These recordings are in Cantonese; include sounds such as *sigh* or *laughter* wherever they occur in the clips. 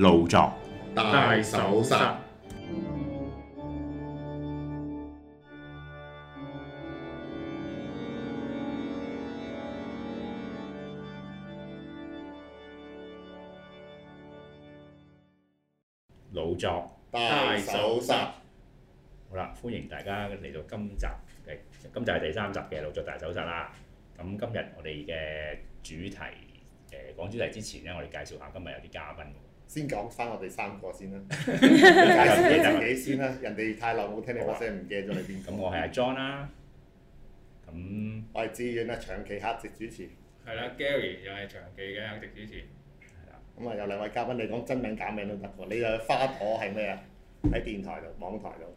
老作大手殺，老作大手殺，好啦！歡迎大家嚟到今集嘅，今集係第三集嘅老作大手殺啦。咁今日我哋嘅主題，誒講主題之前咧，我哋介紹下今日有啲嘉賓。先講翻我哋三個先啦，你介紹自己先啦。 *laughs* 人哋太耐冇聽你把聲唔記咗你邊個？咁 *laughs* 我係阿 John 啦、啊。咁我係志遠啦、啊，長期客席主持。係啦、啊、Gary 又係長期嘅客席主持。係啦。咁啊，嗯、有兩位嘉賓嚟講真名假名都得喎。你嘅花朵係咩啊？喺電台度、網台度。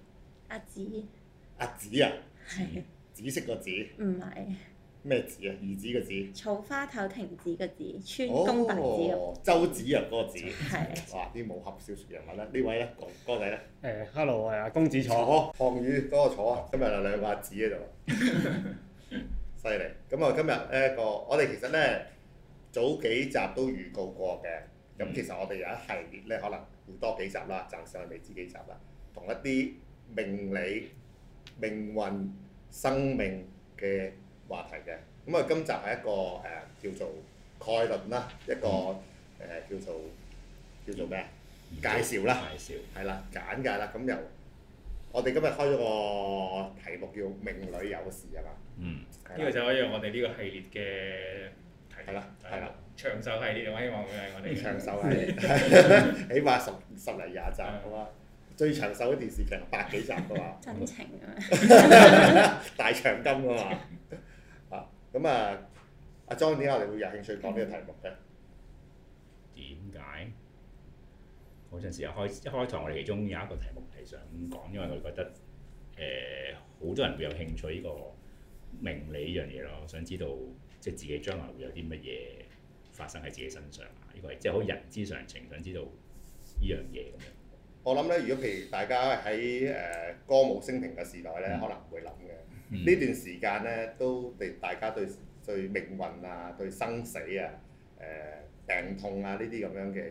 阿紫。阿紫啊？係。紫色個紫。唔係。咩字啊？二子嘅字，字草花頭亭子嘅字，穿工字。哦、周子啊，嗰、那個字。係是。哇！啲武俠小說人物咧，嗯、位呢位咧，公、嗯、哥仔咧。誒，hello，我係公子楚、哦、坐呵，漢語多個楚啊。今日有兩個阿子喺度，犀利。 *laughs* 咁啊，今日誒個我哋其實咧早幾集都預告過嘅，咁、嗯、其實我哋有一系列咧，可能會多幾集啦，暫時我哋未知幾集啦，同一啲命理、命運、生命嘅話題嘅咁啊，今集係一個誒叫做概論啦，一個誒叫做叫做咩啊介紹啦，介紹係啦簡介啦，咁又我哋今日開咗個題目叫命裡有時」啊嘛，嗯，呢個就可以讓我哋呢個系列嘅係啦係啦長壽系列我希望會係我哋長壽系列，起碼十十零廿集好嘛，最長壽嘅電視劇百幾集噶嘛， *laughs* *laughs* 真情啊嘛， *laughs* *laughs* 大長今啊嘛～image 咁啊，阿莊點解我哋會有興趣講呢個題目嘅？點解？嗰陣時又一開頭，我哋其中有一個題目係想講，因為我覺得誒好、呃、多人會有興趣呢個命理呢樣嘢咯。想知道即係、就是、自己將來會有啲乜嘢發生喺自己身上啊？呢個即係好人之常情，想知道想呢樣嘢咁樣。我諗咧，如果譬如大家喺誒、呃、歌舞升平嘅時代咧，嗯、可能唔會諗嘅。呢、嗯、段時間咧，都對大家對對命運啊，對生死啊，誒、呃、病痛啊呢啲咁樣嘅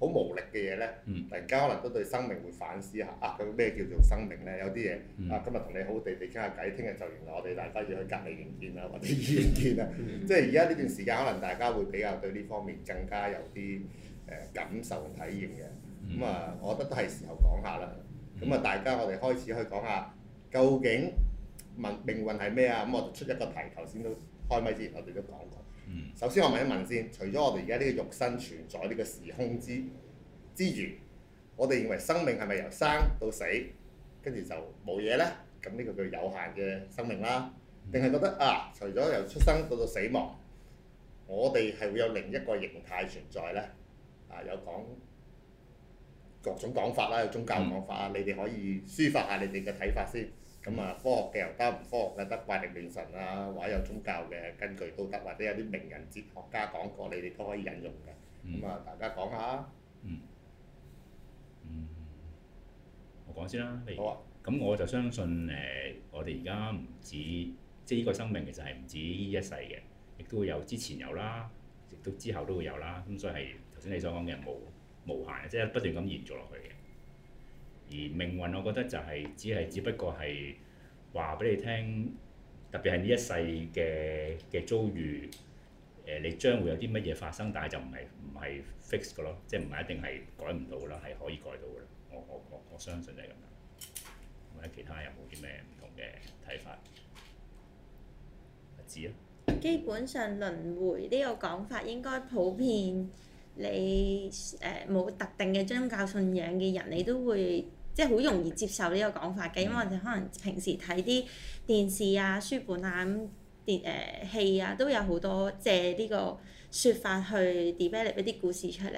好無力嘅嘢咧，突然間可能都對生命會反思下啊！咩、啊、叫做生命咧？有啲嘢、嗯、啊，今日同你好地地傾下偈，聽日就原來我哋大家要去隔離見面啊，或者遠見啊，嗯、即係而家呢段時間可能大家會比較對呢方面更加有啲誒感受同體驗嘅。咁、嗯、啊、嗯，我覺得都係時候講下啦。咁啊，大家我哋開始去講下究竟。嗯問命運係咩啊？咁我就出一個題，頭先都開咪，之前我哋都講過。嗯、首先我問一問先，除咗我哋而家呢個肉身存在呢個時空之之餘，我哋認為生命係咪由生到死，跟住就冇嘢咧？咁呢個叫有限嘅生命啦。定係覺得啊，除咗由出生到到死亡，我哋係會有另一個形態存在咧？啊，有講各種講法啦，有宗教講法啊，嗯、你哋可以抒發下你哋嘅睇法先。咁啊、嗯，科學嘅又得，唔科學嘅得怪力亂神啦、啊，或者有宗教嘅根據都得，或者有啲名人哲學家講過，你哋都可以引用嘅。咁啊、嗯，大家講下。嗯。嗯。我講先啦、啊。好啊。咁我就相信誒、呃，我哋而家唔止，即係呢個生命其實係唔止呢一世嘅，亦都會有之前有啦，亦都之後都會有啦。咁所以係頭先你所講嘅無無限，即係不斷咁延續落去。而命運，我覺得就係、是、只係只不過係話俾你聽，特別係呢一世嘅嘅遭遇，誒、呃，你將會有啲乜嘢發生，但係就唔係唔係 fix 嘅咯，即係唔係一定係改唔到啦，係可以改到嘅。我我我我相信就係咁樣。或者，其他有冇啲咩唔同嘅睇法？唔知啊。知基本上輪迴呢個講法應該普遍你，你誒冇特定嘅宗教信仰嘅人，你都會。即係好容易接受呢個講法嘅，因為我哋可能平時睇啲電視啊、書本啊、咁電誒戲、呃、啊，都有好多借呢個說法去 develop 一啲故事出嚟。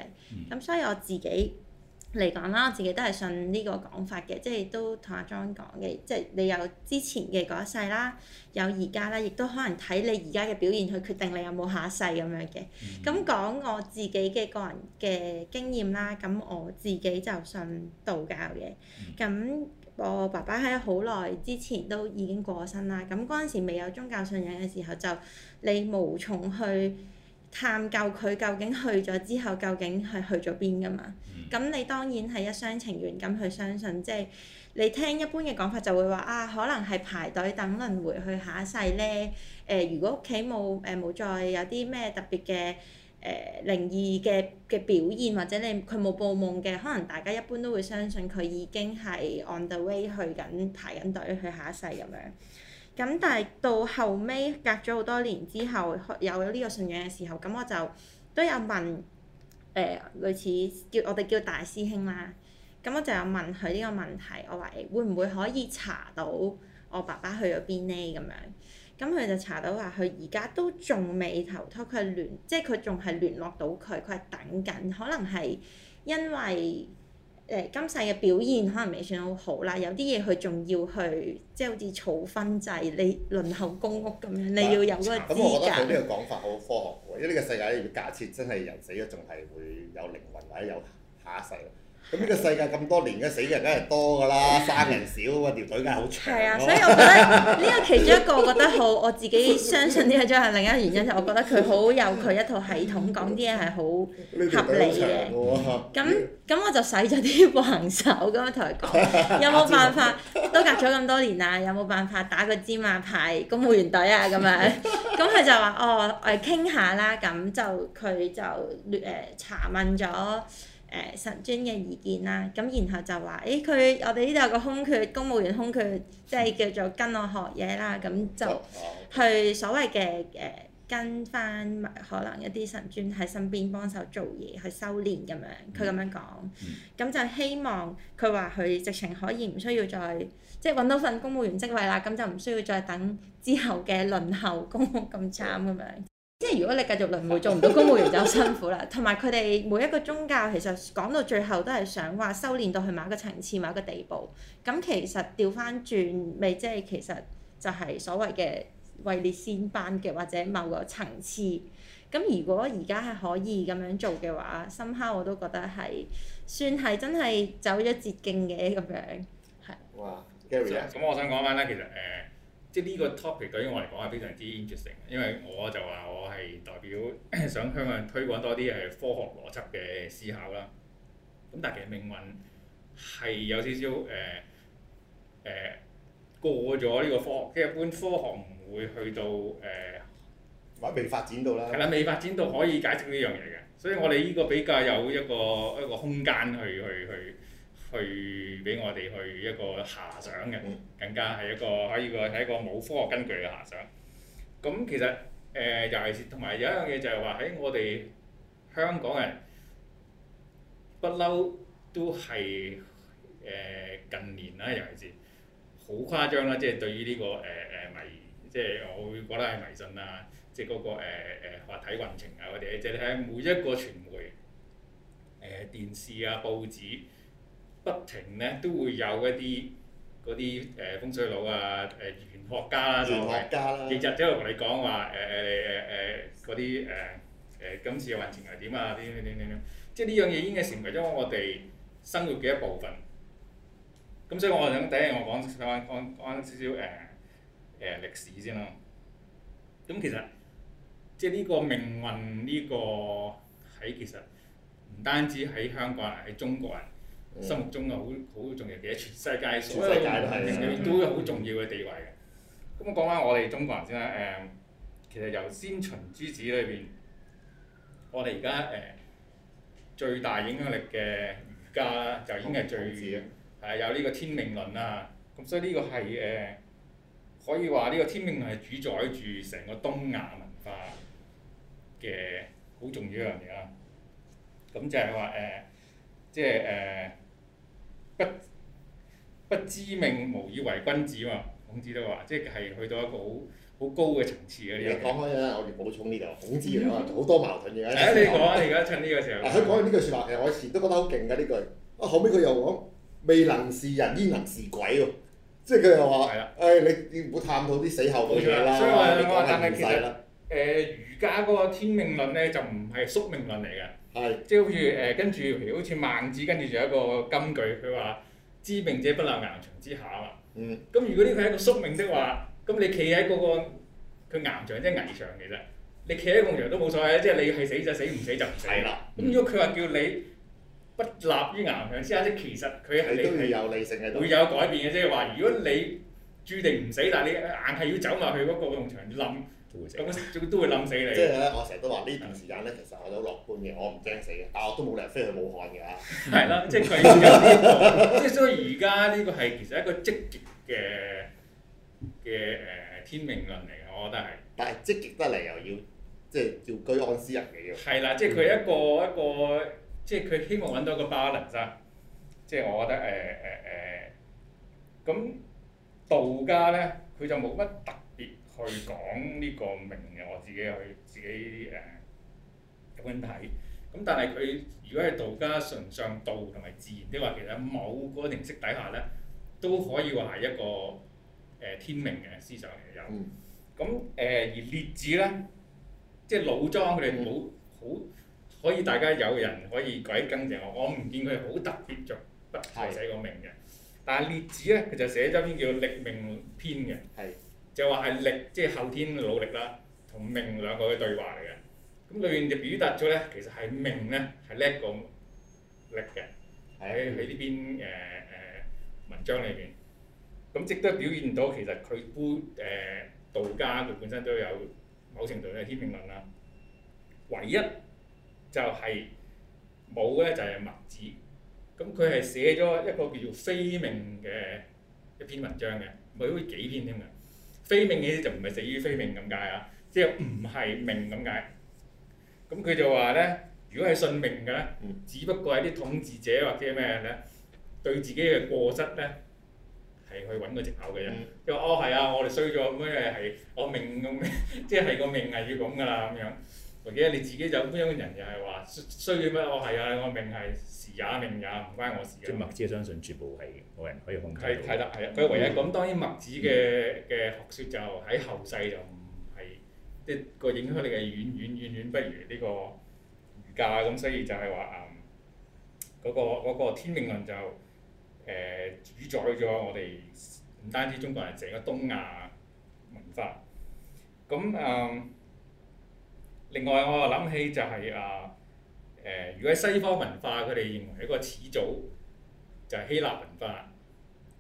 咁、嗯、所以我自己。嚟講啦，我自己都係信呢個講法嘅，即係都同阿 John 講嘅，即係你有之前嘅嗰一世啦，有而家啦，亦都可能睇你而家嘅表現去決定你有冇下一世咁樣嘅。咁講、mm hmm. 我自己嘅個人嘅經驗啦，咁我自己就信道教嘅。咁、mm hmm. 我爸爸喺好耐之前都已經過身啦，咁嗰陣時未有宗教信仰嘅時候就你無從去。探究佢究竟去咗之後，究竟係去咗邊噶嘛？咁你當然係一廂情願咁去相信，即係你聽一般嘅講法就會話啊，可能係排隊等輪回去下一世咧。誒、呃，如果屋企冇誒冇再有啲咩特別嘅誒、呃、靈異嘅嘅表現，或者你佢冇報夢嘅，可能大家一般都會相信佢已經係 on the way 去緊排緊隊去下一世咁樣。咁但係到後尾隔咗好多年之後，有呢個信仰嘅時候，咁我就都有問誒、呃、類似叫我哋叫大師兄啦。咁我就有問佢呢個問題，我話會唔會可以查到我爸爸去咗邊呢？咁樣，咁佢就查到話佢而家都仲未投胎，佢係聯即係佢仲係聯絡到佢，佢係等緊，可能係因為。誒今世嘅表現可能未算好好啦，有啲嘢佢仲要去，即係好似儲分制，你輪候公屋咁樣，你要有嗰個資格。啊啊、咁我覺得佢呢個講法好科學喎，因為呢個世界要假設真係人死咗仲係會有靈魂或者有下一世。咁呢個世界咁多年，嘅死人梗係多㗎啦，生人少隊啊，條隊梗係好長。係啊，所以我覺得呢、這個其中一個，我覺得好，我自己相信呢嘅，即係另一個原因就我覺得佢好有佢一套系統，講啲嘢係好合理嘅。咁咁、啊、 *laughs* 我就使咗啲橫手咁樣同佢講，有冇辦法都隔咗咁多年啊？有冇辦法打個尖麻、啊、派公務員隊啊？咁樣咁佢就話：哦，我傾下啦。咁就佢就誒查問咗。誒神尊嘅意見啦，咁然後就話：誒、欸、佢，我哋呢度有個空缺，公務員空缺，即係叫做跟我學嘢啦，咁就去所謂嘅誒、呃、跟翻可能一啲神尊喺身邊幫手做嘢去修練咁樣。佢咁樣講，咁、嗯、就希望佢話佢直情可以唔需要再即係揾到份公務員職位啦，咁就唔需要再等之後嘅輪候公務咁慘咁樣。嗯即係如果你繼續輪迴做唔到公務員就辛苦啦，同埋佢哋每一個宗教其實講到最後都係想話修煉到去某一個層次某一個地步，咁其實調翻轉咪即係其實就係所謂嘅位列仙班嘅或者某個層次，咁如果而家係可以咁樣做嘅話，somehow 我都覺得係算係真係走咗捷徑嘅咁樣，係。哇，幾有意思！咁我想講翻咧其實誒。呃即係呢個 topic 對於我嚟講係非常之 interesting，因為我就話我係代表 *laughs* 想香港人推廣多啲係科學邏輯嘅思考啦。咁但係其實命運係有少少誒誒過咗呢個科學，即係一般科學唔會去到誒，或、呃、未發展到啦。係啦，未發展到可以解釋呢樣嘢嘅，所以我哋呢個比較有一個、嗯、一個空間去去去。去去去俾我哋去一個遐想嘅，更加係一個可以話係一個冇科學根據嘅遐想。咁其實誒尤其是同埋有一樣嘢就係話喺我哋香港人不嬲都係誒近年啦，尤其是好誇張啦，即係對於呢個誒誒迷，即係我會覺得係迷信啊，即係嗰個誒誒話睇運程啊嗰啲，即係睇每一個傳媒誒電視啊、報紙。不停咧都會有一啲嗰啲誒風水佬啊、誒易學家啦，呢啲嘢日日都嚟同你講話誒誒誒誒嗰啲誒誒今次嘅運程係點啊？點點點點，即係呢樣嘢已經成為咗我哋生活嘅一部分。咁所以我我想第一我講翻講講少少誒誒歷史先咯。咁其實即係呢個命運呢個喺其實唔單止喺香港人喺中國人，心目中啊，好好重要嘅，全世界所有嘅文明裏面都有好、嗯、重要嘅地位嘅。咁、嗯嗯、我講翻我哋中國人先啦。誒、呃，其實由先秦諸子裏邊，我哋而家誒最大影響力嘅儒家啦，就已經係最係、呃、有呢個天命論啦。咁所以呢個係誒、呃、可以話呢個天命論係主宰住成個東亞文化嘅好重要一樣嘢啦。咁就係話誒，即係誒。呃不不知命無以為君子嘛？孔子都話，即係去到一個好好高嘅層次嘅呢樣嘢。講開我哋補充呢度，孔子好多矛盾嘅。你講啊，而家趁呢個時候。嗱佢講呢句説話其實我以前都覺得好勁嘅呢句。啊後尾佢又講未能事人焉能事鬼喎？即係佢又話誒，你要唔好探討啲死後嗰啲嘢啦？所以話但係其實。誒，儒家嗰個天命論咧就唔係宿命論嚟嘅。係，即係好似誒、呃、跟住，譬如好似孟子跟住仲有一個金句，佢話：知命者不立岩牆之下啊嘛。嗯。咁如果呢個係一個宿命的話，咁你企喺嗰個佢岩牆、就是，即係危牆嘅啫。你企喺個牆都冇所謂，即係你係死就死，唔死就唔死。啦、嗯。咁如果佢話叫你不立於岩牆之下，嗯、即其實佢係你係有理性嘅，會有改變嘅，即係話如果你注定唔死，但係你硬係要走埋去嗰個個牆諗。咁總都會冧死你。即係咧，就是、我成日都話呢段時間咧，其實我都好樂觀嘅，我唔驚死嘅，但我都冇理由飛去武漢嘅嚇。係啦，即係佢，即係所以而家呢個係其實一個積極嘅嘅誒天命論嚟嘅，我覺得係。但係積極得嚟又要，即係叫居安思危嘅要。係啦，即係佢一個一個，即係佢希望揾到一個 balance。即、啊、係、就是、我覺得誒誒誒，咁、呃呃呃呃呃、道家咧，佢就冇乜特別特別。去講呢個名嘅，我自己去自己誒點樣睇。咁、呃、但係佢如果係道家崇尚道同埋自然的話，其實某個形式底下咧，都可以話係一個誒、呃、天命嘅思想嚟嘅。咁誒、嗯、而列子咧，即係老莊佢哋冇好可以大家有人可以鬼更正我，我唔見佢好特別著得寫個名嘅。的但係列子咧，佢就寫咗篇叫《力命篇》嘅。就話係力，即係後天努力啦，同命兩個嘅對話嚟嘅。咁裏面就表達咗咧，其實係命咧係叻過力嘅，喺喺呢篇誒誒文章裏邊。咁亦都表現到其實佢古誒道家佢本身都有某程度嘅天命論啦。唯一就係冇咧就係墨子。咁佢係寫咗一個叫做《非命》嘅一篇文章嘅，唔係好似幾篇添嘅。非命嘅意思就唔係死於非命咁解啊，即係唔係命咁解。咁佢就話咧，如果係信命嘅咧，嗯、只不過係啲統治者或者咩咧，對自己嘅過失咧，係去揾個借口嘅啫。佢話、嗯、哦，係啊，我哋衰咗咁樣係，我命咁，即係個命係要咁㗎啦咁樣。或者你自己就咁樣嘅人就，又係話需要咩我係、哦、啊，我命係時也命也，唔關我事。即墨子相信全部係冇人可以控制。係係啦係啊。佢唯一咁當然墨子嘅嘅學説就喺後世就唔係即個影響力係遠遠遠遠不如呢、這個儒家咁，所以就係話嗯嗰、那個那個那個天命論就誒、呃、主宰咗我哋唔單止中國人，整個東亞文化，咁嗯。另外我又諗起就係啊誒，如果喺西方文化，佢哋認為一個始祖就係、是、希臘文化。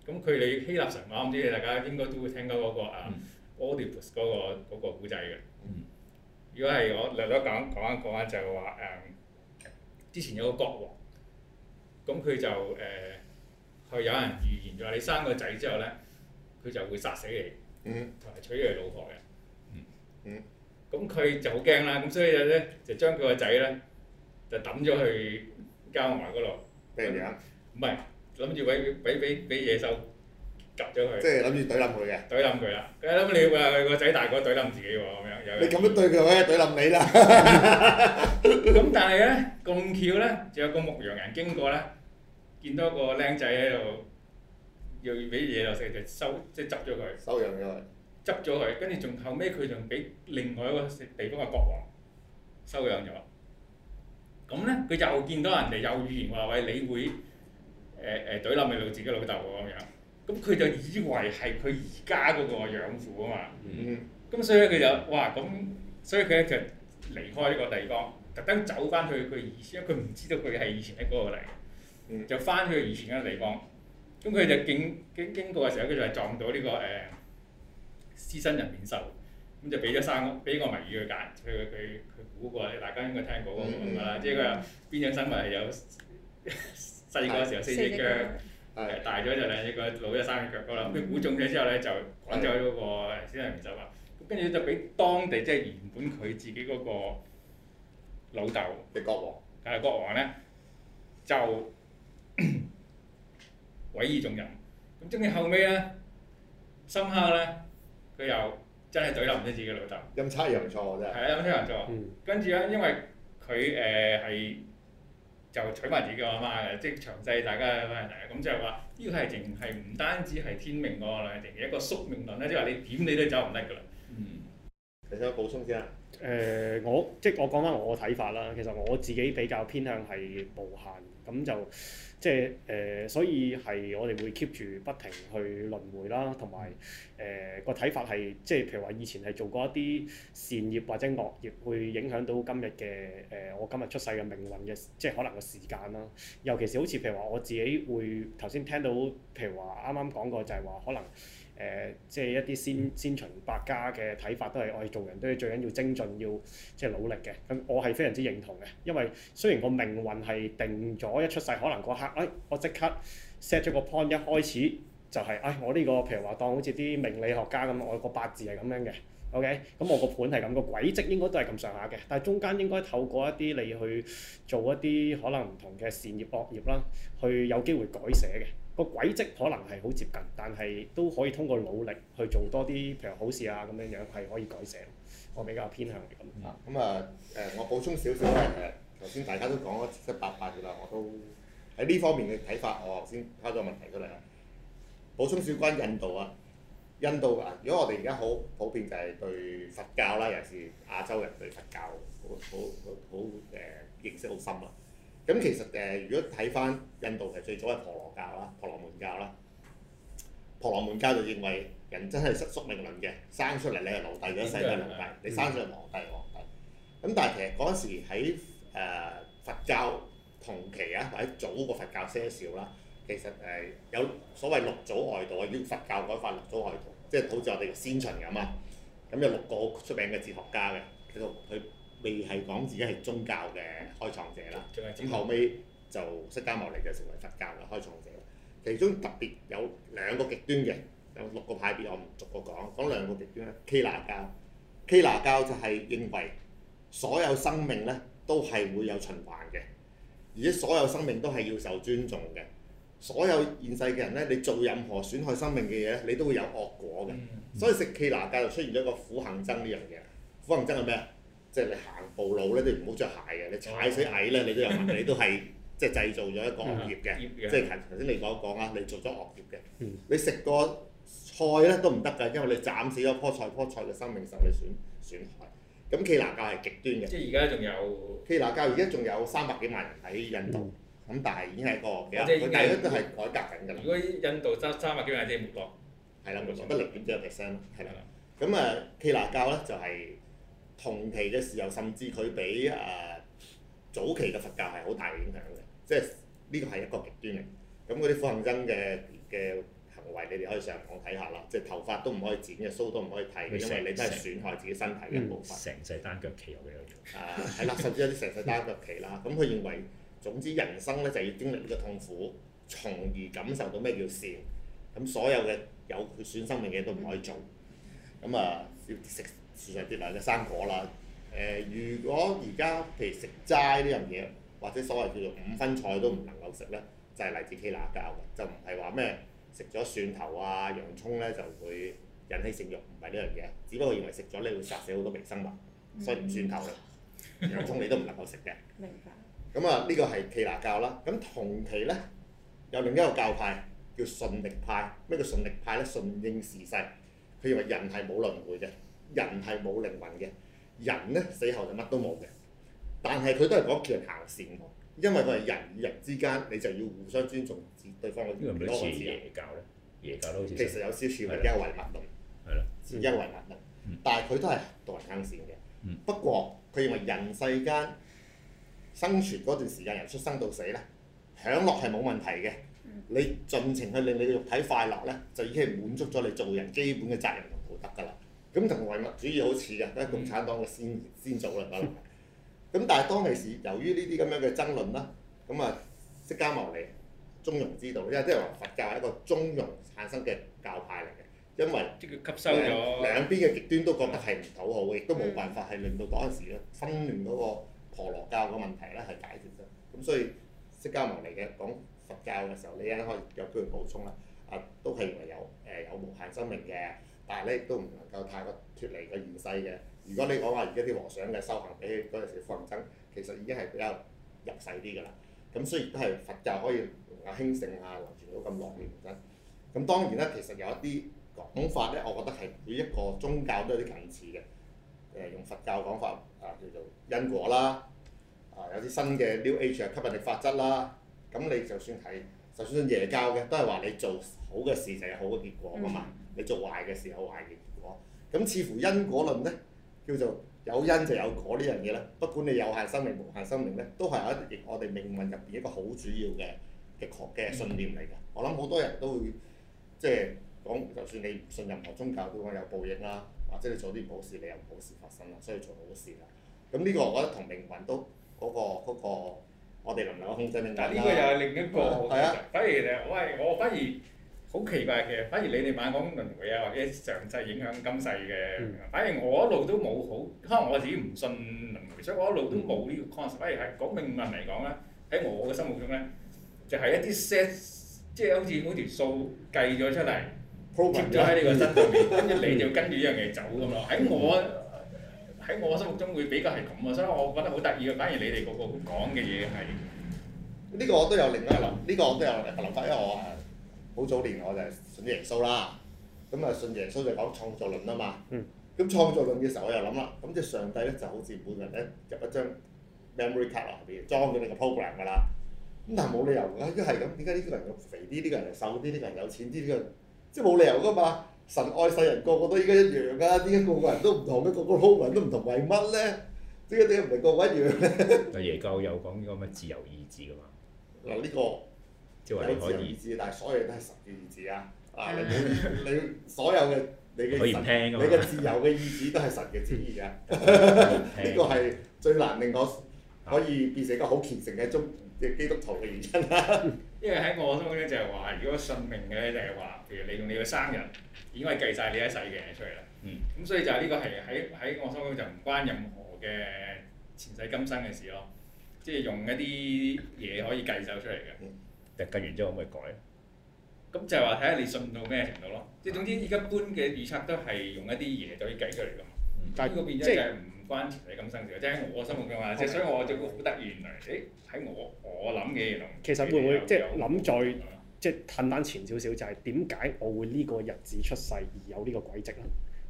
咁佢哋希臘神話，唔知你大家應該都會聽過嗰、那個啊、嗯、奧狄普斯嗰、那個嗰、那個古仔嘅。嗯、如果係我略略講講一講一就係話誒，之前有個國王，咁佢就誒去、呃、有人預言咗：「你生個仔之後咧，佢就會殺死你，同埋、嗯、娶你老婆嘅。嗯。嗯。咁佢就好驚啦，咁所以咧就將佢個仔咧就揼咗去郊外嗰度。咩樣？唔係諗住俾俾俾俾野獸夾咗佢。即係諗住懟冧佢嘅。懟冧佢啦！佢諗住佢個仔大個懟冧自己喎，咁樣有。你咁樣對佢，我依家懟冧你啦！咁但係咧咁巧咧，仲有個牧羊人經過咧，見到個靚仔喺度，又要俾野獸食，就收即係執咗佢。收養咗佢！執咗佢，跟住仲後尾，佢仲俾另外一個地方嘅國王收養咗。咁咧佢又見到人哋有預言話喂，你會誒誒懟冧你老自己老豆喎咁樣。咁佢就以為係佢而家嗰個養父啊嘛。咁、嗯、所以咧佢就哇咁，所以佢咧就離開呢個地方，特登走翻去佢以前，因為佢唔知道佢係以前喺嗰度嚟。就翻去以前嘅地方。咁佢就經經經過嘅時候，佢就撞到呢、呢個誒。呃獅身人面獸，咁就俾咗三個俾個謎語佢揀，譬如佢佢估過，大家應該聽過嗰個咁噶啦。嗯、即係佢話邊種生物係有細個嘅時候四隻腳，大咗就兩隻腳，老咗三隻腳嗰啦。佢估中咗之後咧，就趕走嗰個獅人面獸。咁跟住就俾當地即係原本佢自己嗰個老豆嘅國王，但係國王咧就委以眾人。咁即係後尾咧深刻咧。佢又真係嘴鬧唔知自己老豆，陰差陽錯真係。係啊，陰 *noise* 差陽錯。嗯、跟住咧，因為佢誒係就娶埋自己阿媽嘅，即係詳細大家嘅問題啊。咁就係話呢個係仍係唔單止係天命個論，仍嘅一個宿命論咧，即係話你點你都走唔得㗎啦。嗯。其實我補充先啊？誒、呃、我即係我講翻我嘅睇法啦，其實我自己比較偏向係無限咁就即係誒、呃，所以係我哋會 keep 住不停去輪迴啦，同埋誒個睇法係即係譬如話以前係做過一啲善業或者惡業，會影響到今日嘅誒我今日出世嘅命運嘅即係可能嘅時間啦。尤其是好似譬如話我自己會頭先聽到，譬如話啱啱講過就係話可能。誒、呃，即係一啲先先秦百家嘅睇法，都係我哋做人都係最緊要精進，要即係努力嘅。咁我係非常之認同嘅，因為雖然個命運係定咗，一出世可能嗰刻，誒、哎，我即刻 set 咗個 point，一開始就係、是，誒、哎，我呢、這個譬如話當好似啲命理學家咁，我個八字係咁樣嘅，OK，咁我個盤係咁，個軌跡應該都係咁上下嘅，但係中間應該透過一啲你去做一啲可能唔同嘅善業惡業啦，去有機會改寫嘅。個軌跡可能係好接近，但係都可以通過努力去做多啲譬如好事啊，咁樣樣係可以改寫。我比較偏向咁啊。咁、嗯呃、我補充少少咧誒，頭先大家都講咗七七八八嘅啦，我都喺呢方面嘅睇法，我先拋咗個問題出嚟啦。補充少關印度啊，印度啊、呃，如果我哋而家好普遍就係對佛教啦，尤其是亞洲人對佛教好好好誒認識好深啊。咁其實誒，如果睇翻印度係最早係婆羅教啦，婆羅門教啦，婆羅門教就認為人真係失宿命論嘅，生出嚟你係奴隸，一世都奴隸，你生出嚟皇帝，皇帝。咁但係其實嗰時喺誒、呃、佛教同期啊，或者早過佛教些少啦，其實誒、呃、有所謂六祖外道，要佛教改發六祖外道，即、就、係、是、好似我哋先秦咁啊，咁、嗯嗯、有六個出名嘅哲學家嘅，其實佢佢。未係講自己係宗教嘅開創者啦，咁、嗯、後尾就釋迦牟尼就成為佛教嘅開創者。其中特別有兩個極端嘅，有六個派別，我唔逐個講，講兩個極端啦。耆那教，耆那教就係認為所有生命咧都係會有循環嘅，而且所有生命都係要受尊重嘅。所有現世嘅人咧，你做任何損害生命嘅嘢咧，你都會有惡果嘅。嗯嗯、所以食耆那教就出現咗一個苦行僧呢樣嘢，苦行僧係咩啊？即係你行步路咧，你唔好着鞋嘅，你踩死蟻咧，你都有問題，你都係即係製造咗一個惡業嘅，即係頭頭先你講一講啦，你做咗惡業嘅，你食個菜咧都唔得㗎，因為你斬死咗棵菜，棵菜嘅生命受你損損害，咁耆那教係極端嘅。即係而家仲有耆那教，而家仲有三百幾萬人喺印度，咁但係已經係個幾啊，大家都係改革緊㗎。如果印度得三百幾萬隻穆斯林，係啦，得零點幾 percent 咯，係啦。咁啊，耆那教咧就係。同期嘅時候，甚至佢俾誒、呃、早期嘅佛教係好大嘅影響嘅，即係呢個係一個極端嚟。咁嗰啲苦行僧嘅嘅行為，你哋可以上網睇下啦。即係頭髮都唔可以剪嘅，鬚都唔可以剃嘅，因為你真係損害自己身體嘅部分。成世單腳企有咩樣。啊，係、嗯、啦，甚至有啲成世單腳企啦。咁佢 *laughs* 認為，總之人生咧就要經歷呢個痛苦，從而感受到咩叫善。咁所有嘅有佢損生命嘅嘢都唔可以做。咁、嗯、啊，要食。事實上啲哪嘅生果啦，誒、呃，如果而家譬如食齋呢樣嘢，或者所謂叫做五分菜都唔能夠食咧，就係、是、嚟自耆那教嘅，就唔係話咩食咗蒜頭啊、洋葱咧就會引起性慾，唔係呢樣嘢，只不過認為食咗咧會殺死好多微生物，所以唔蒜頭、嗯、洋葱你都唔能夠食嘅。明白。咁啊，呢、這個係耆那教啦。咁同期咧有另一個教派叫順力派，咩叫順力派咧？順應時勢，佢認為人係冇輪迴嘅。人係冇靈魂嘅，人咧死後就乜都冇嘅。但係佢都係講叫人行善，因為佢係人與人之間，你就要互相尊重對方嘅啲。因為有有邪呢個唔好似邪教咧？邪教都教其實有少少係因為物慾。係咯、嗯，因為物慾，但係佢都係度人行善嘅。嗯嗯、不過佢認為人世間生存嗰段時間，由出生到死咧，享樂係冇問題嘅。你盡情去令你嘅肉體快樂咧，就已經係滿足咗你做人基本嘅責任同道德㗎啦。咁同唯物主義好似嘅，都係共產黨嘅先、嗯、先祖啦。咁但係當其時，由於呢啲咁樣嘅爭論啦，咁啊釋迦牟尼中庸之道，因為即係話佛教係一個中庸產生嘅教派嚟嘅，因為即係吸收咗兩邊嘅極端都覺得係唔討好，亦都冇辦法係令到嗰陣時咧分裂嗰個婆羅教嘅問題咧係解決咗。咁所以釋迦牟尼嘅講佛教嘅時候，你一可以有機會補充啦。啊，都係認為有誒有無限生命嘅。但係咧，亦都唔能夠太過脫離個現世嘅。如果你講話而家啲和尚嘅修行比起嗰陣時放生， *noise* 其實已經係比較入世啲㗎啦。咁所然所以都係佛教可以興盛啊，維持到咁樂觀。咁當然咧，其實有一啲講法咧，我覺得係佢每一個宗教都有啲近似嘅。誒、呃，用佛教講法啊、呃，叫做因果啦。啊、呃，有啲新嘅 New Age 吸引力法則啦。咁你就算係。就算耶教嘅，都係話你做好嘅事就有好嘅結果㗎嘛，嗯、你做壞嘅事有壞嘅結果。咁似乎因果論咧，叫做有因就有果呢樣嘢咧。不管你有限生命、無限生命咧，都係一我哋命運入邊一個好主要嘅嘅確嘅信念嚟㗎。我諗好多人都會即係講，就算你唔信任何宗教，都話有報應啦，或者你做啲唔好事，你又唔好事發生啦，所以做好事啦。咁呢個我覺得同命運都嗰個嗰個。嗰個我哋能唔能控制你哋啦。但係呢個又係另一個。係啊。反而就係，喂，我反而好奇怪嘅。反而你哋猛講輪迴啊，或者上世影響今世嘅。嗯。反而我一路都冇好，可能我自己唔信輪迴，所以我一路都冇呢個 concept。反而係講命運嚟講咧，喺我嘅心目中咧，就係一啲 set，即係好似嗰條數計咗出嚟，program 咗喺你個身上邊，跟住你就跟住呢樣嘢走咁咯。喺我。喺我心目中會比較係咁啊，所以我覺得好得意嘅。反而你哋個個講嘅嘢係呢個，我都有另一個諗，呢、呢個我都有另外一個諗法，因為我係好早年我就係信耶穌啦。咁啊，信耶穌就講創造論啊嘛。咁、嗯、創造論嘅時候，我又諗啦，咁即係上帝咧，就好似每人咧入一張 memory card 後邊，裝咗你個 program 嘅啦。咁但係冇理由㗎，如果係咁，點解呢個人又肥啲，呢、呢個人又瘦啲，呢、呢個人有錢啲，呢、呢個人即係冇理由㗎嘛？神愛世人，個個都應該一樣噶、啊。點解個個人都唔同咧？個個 moment 都唔同為乜咧？點解點解唔係個個一樣咧？阿耶教又講呢個咩自由意志噶嘛？嗱呢、這個有自由意志，但係所有嘢都係神嘅意志啊！ *laughs* 啊，你你所有嘅你嘅、啊、你嘅自由嘅意志都係神嘅旨意啊！呢個係最難令我可以變成一個好虔誠嘅宗嘅基督徒嘅原因啦。因為喺我心中咧就係話，如果信命嘅就係、是、話，譬如你用你個生人已經係計晒你一世嘅嘢出嚟啦。嗯。咁、嗯、所以就係呢個係喺喺我心中就唔關任何嘅前世今生嘅事咯。即、就、係、是、用一啲嘢可以計走出嚟嘅、嗯。嗯。嗯但就計完之後可唔可以改？咁就係話睇下你信到咩程度咯。即係、嗯、總之，而家般嘅預測都係用一啲嘢就可以計出嚟㗎嘛。但但係呢個變即係唔。關錢位咁深少，即係我嘅心目中啊，即係所以我就會好得意，原來，誒喺我我諗嘅嘢其實會唔會即係諗在即係很眼前少少，就係點解我會呢個日子出世而有呢個軌跡啦？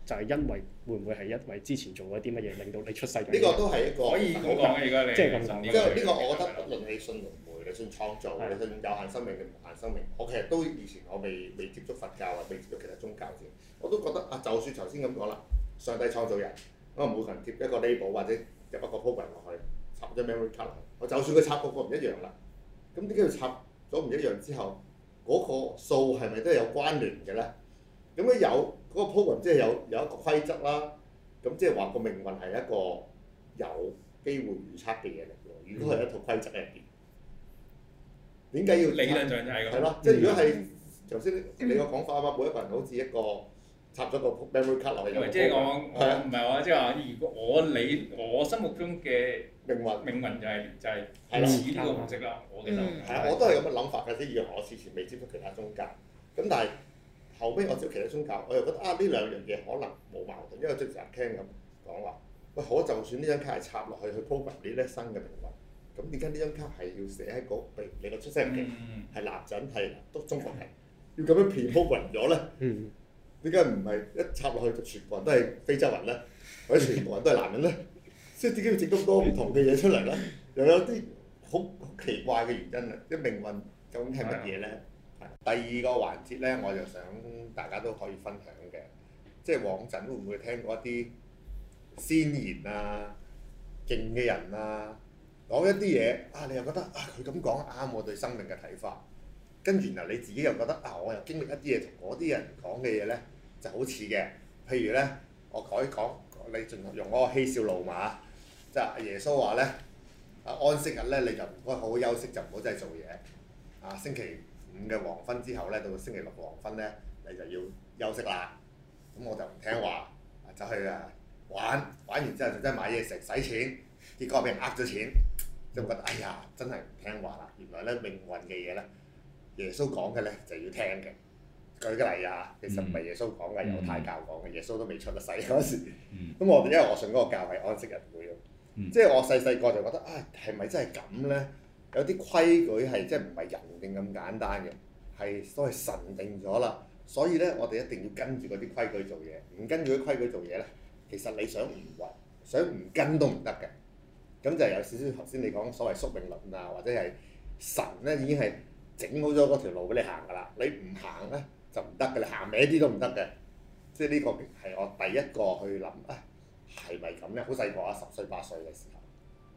就係因為會唔會係因為之前做過啲乜嘢，令到你出世？呢個都係一個可以講嘅，而家你即係咁神。因為呢個我覺得論起信龍唔會嘅，信創造嘅，信有限生命嘅、無限生命。我其實都以前我未未接觸佛教或者未接觸其他宗教嘅，我都覺得啊，就算頭先咁講啦，上帝創造人。可能每個人貼一個 label 或者入一個 program 落去，插咗 memory 卡落去。我就算佢插個個唔一樣啦，咁點解要插咗唔一樣之後，嗰個數係咪都有關聯嘅咧？咁咧有嗰個 program 即係有有一個規則啦。咁即係話個命運係一個有機會預測嘅嘢嚟喎。如果係一套規則入邊，點解要理論上就係咁？係咯，即係如果係頭先你個講法啊嘛，每一個人好似一個。插咗個 memory 卡落去，唔係即係我唔係話即係話， *laughs* 如果我你我心目中嘅命運命運就係、係、就係似呢個唔值啦。我其實係我都係咁嘅諗法嘅啲以我事前未接觸其他宗教，咁但係後尾我接其他宗教，我又覺得啊，呢兩樣嘢可能冇矛盾，因為我成日聽咁講話。喂，可就算呢張卡係插落去去 provide 呢啲新嘅命運，咁點解呢張卡係要寫喺嗰你個出生期係男仔係都中國人，要咁樣騙福運咗咧？ *laughs* *laughs* *laughs* 點解唔係一插落去就全部人都係非洲人咧，或者全部人都係男人咧？即係點解要整咁多唔同嘅嘢出嚟咧？ *laughs* 又有啲好奇怪嘅原因啊！啲、就是、命運究竟係乜嘢咧？的第二個環節咧，我就想大家都可以分享嘅，即係往陣會唔會聽過一啲先賢啊、勁嘅人啊，講一啲嘢啊，你又覺得啊，佢咁講啱我對生命嘅睇法，跟住然後你自己又覺得啊，我又經歷一啲嘢同嗰啲人講嘅嘢咧。就好似嘅，譬如咧，我改講，你盡用嗰個嬉笑怒罵，即係耶穌話咧，阿安息日咧，你就唔該好好休息，就唔好真係做嘢。啊，星期五嘅黃昏之後咧，到星期六黃昏咧，你就要休息啦。咁我就唔聽話，就去啊玩，玩完之後就真係買嘢食，使錢，結果俾人呃咗錢，就覺得哎呀，真係唔聽話啦。原來咧，命運嘅嘢咧，耶穌講嘅咧就要聽嘅。舉個例啊！其實唔係耶穌講嘅，猶、嗯、太教講嘅。嗯、耶穌都未出得世嗰時，咁我、嗯、因為我信嗰個教係安息日會咯，嗯、即係我細細個就覺得啊，係咪真係咁咧？有啲規矩係即係唔係人定咁簡單嘅，係所謂神定咗啦。所以咧，我哋一定要跟住嗰啲規矩做嘢，唔跟住啲規矩做嘢咧，其實你想唔混、想唔跟都唔得嘅。咁就係有少少頭先你講所謂宿命論啊，或者係神咧已經係整好咗嗰條路俾你行㗎啦。你唔行咧？就唔得嘅，你行歪一啲都唔得嘅。即係呢個係我第一個去諗啊，係咪咁咧？好細個啊，十歲八歲嘅時候，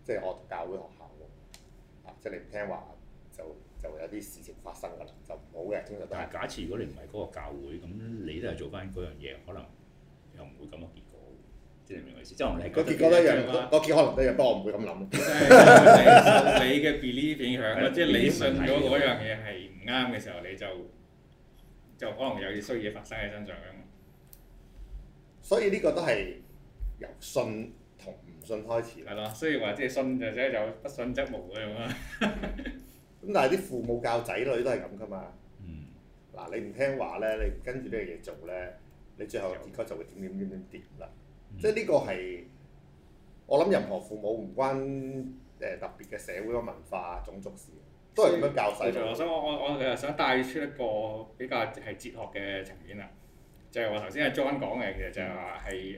即係我讀教會學校嘅，啊，即係你唔聽話就就會有啲事情發生噶啦，就唔好嘅。通常都係。但係假設如果你唔係嗰個教會，咁你都係做翻嗰樣嘢，可能又唔會咁嘅結果。即係你明唔明意思？嗯嗯、即係我你個結果都一樣多，個都結可能都一樣不多。我唔會咁諗受你嘅 belief 影響， *laughs* 即係是你信樣嘢係唔啱嘅時候，你就。就可能有啲衰嘢發生喺身上嘅，所以呢個都係由信同唔信開始啦，雖然話即係信就即係就不信則無嘅咁啊。咁 *laughs* 但係啲父母教仔女都係咁㗎嘛。嗯。嗱、啊，你唔聽話咧，你唔跟住呢個嘢做咧，你最後結果就會點點點點點啦。嗯、即係呢個係我諗任何父母唔關誒特別嘅社會嘅文化、種族事。都係咁樣教細路。所以，我我我係想帶出一個比較係哲學嘅層面啦。就係話頭先阿 John 講嘅，其實就係話係誒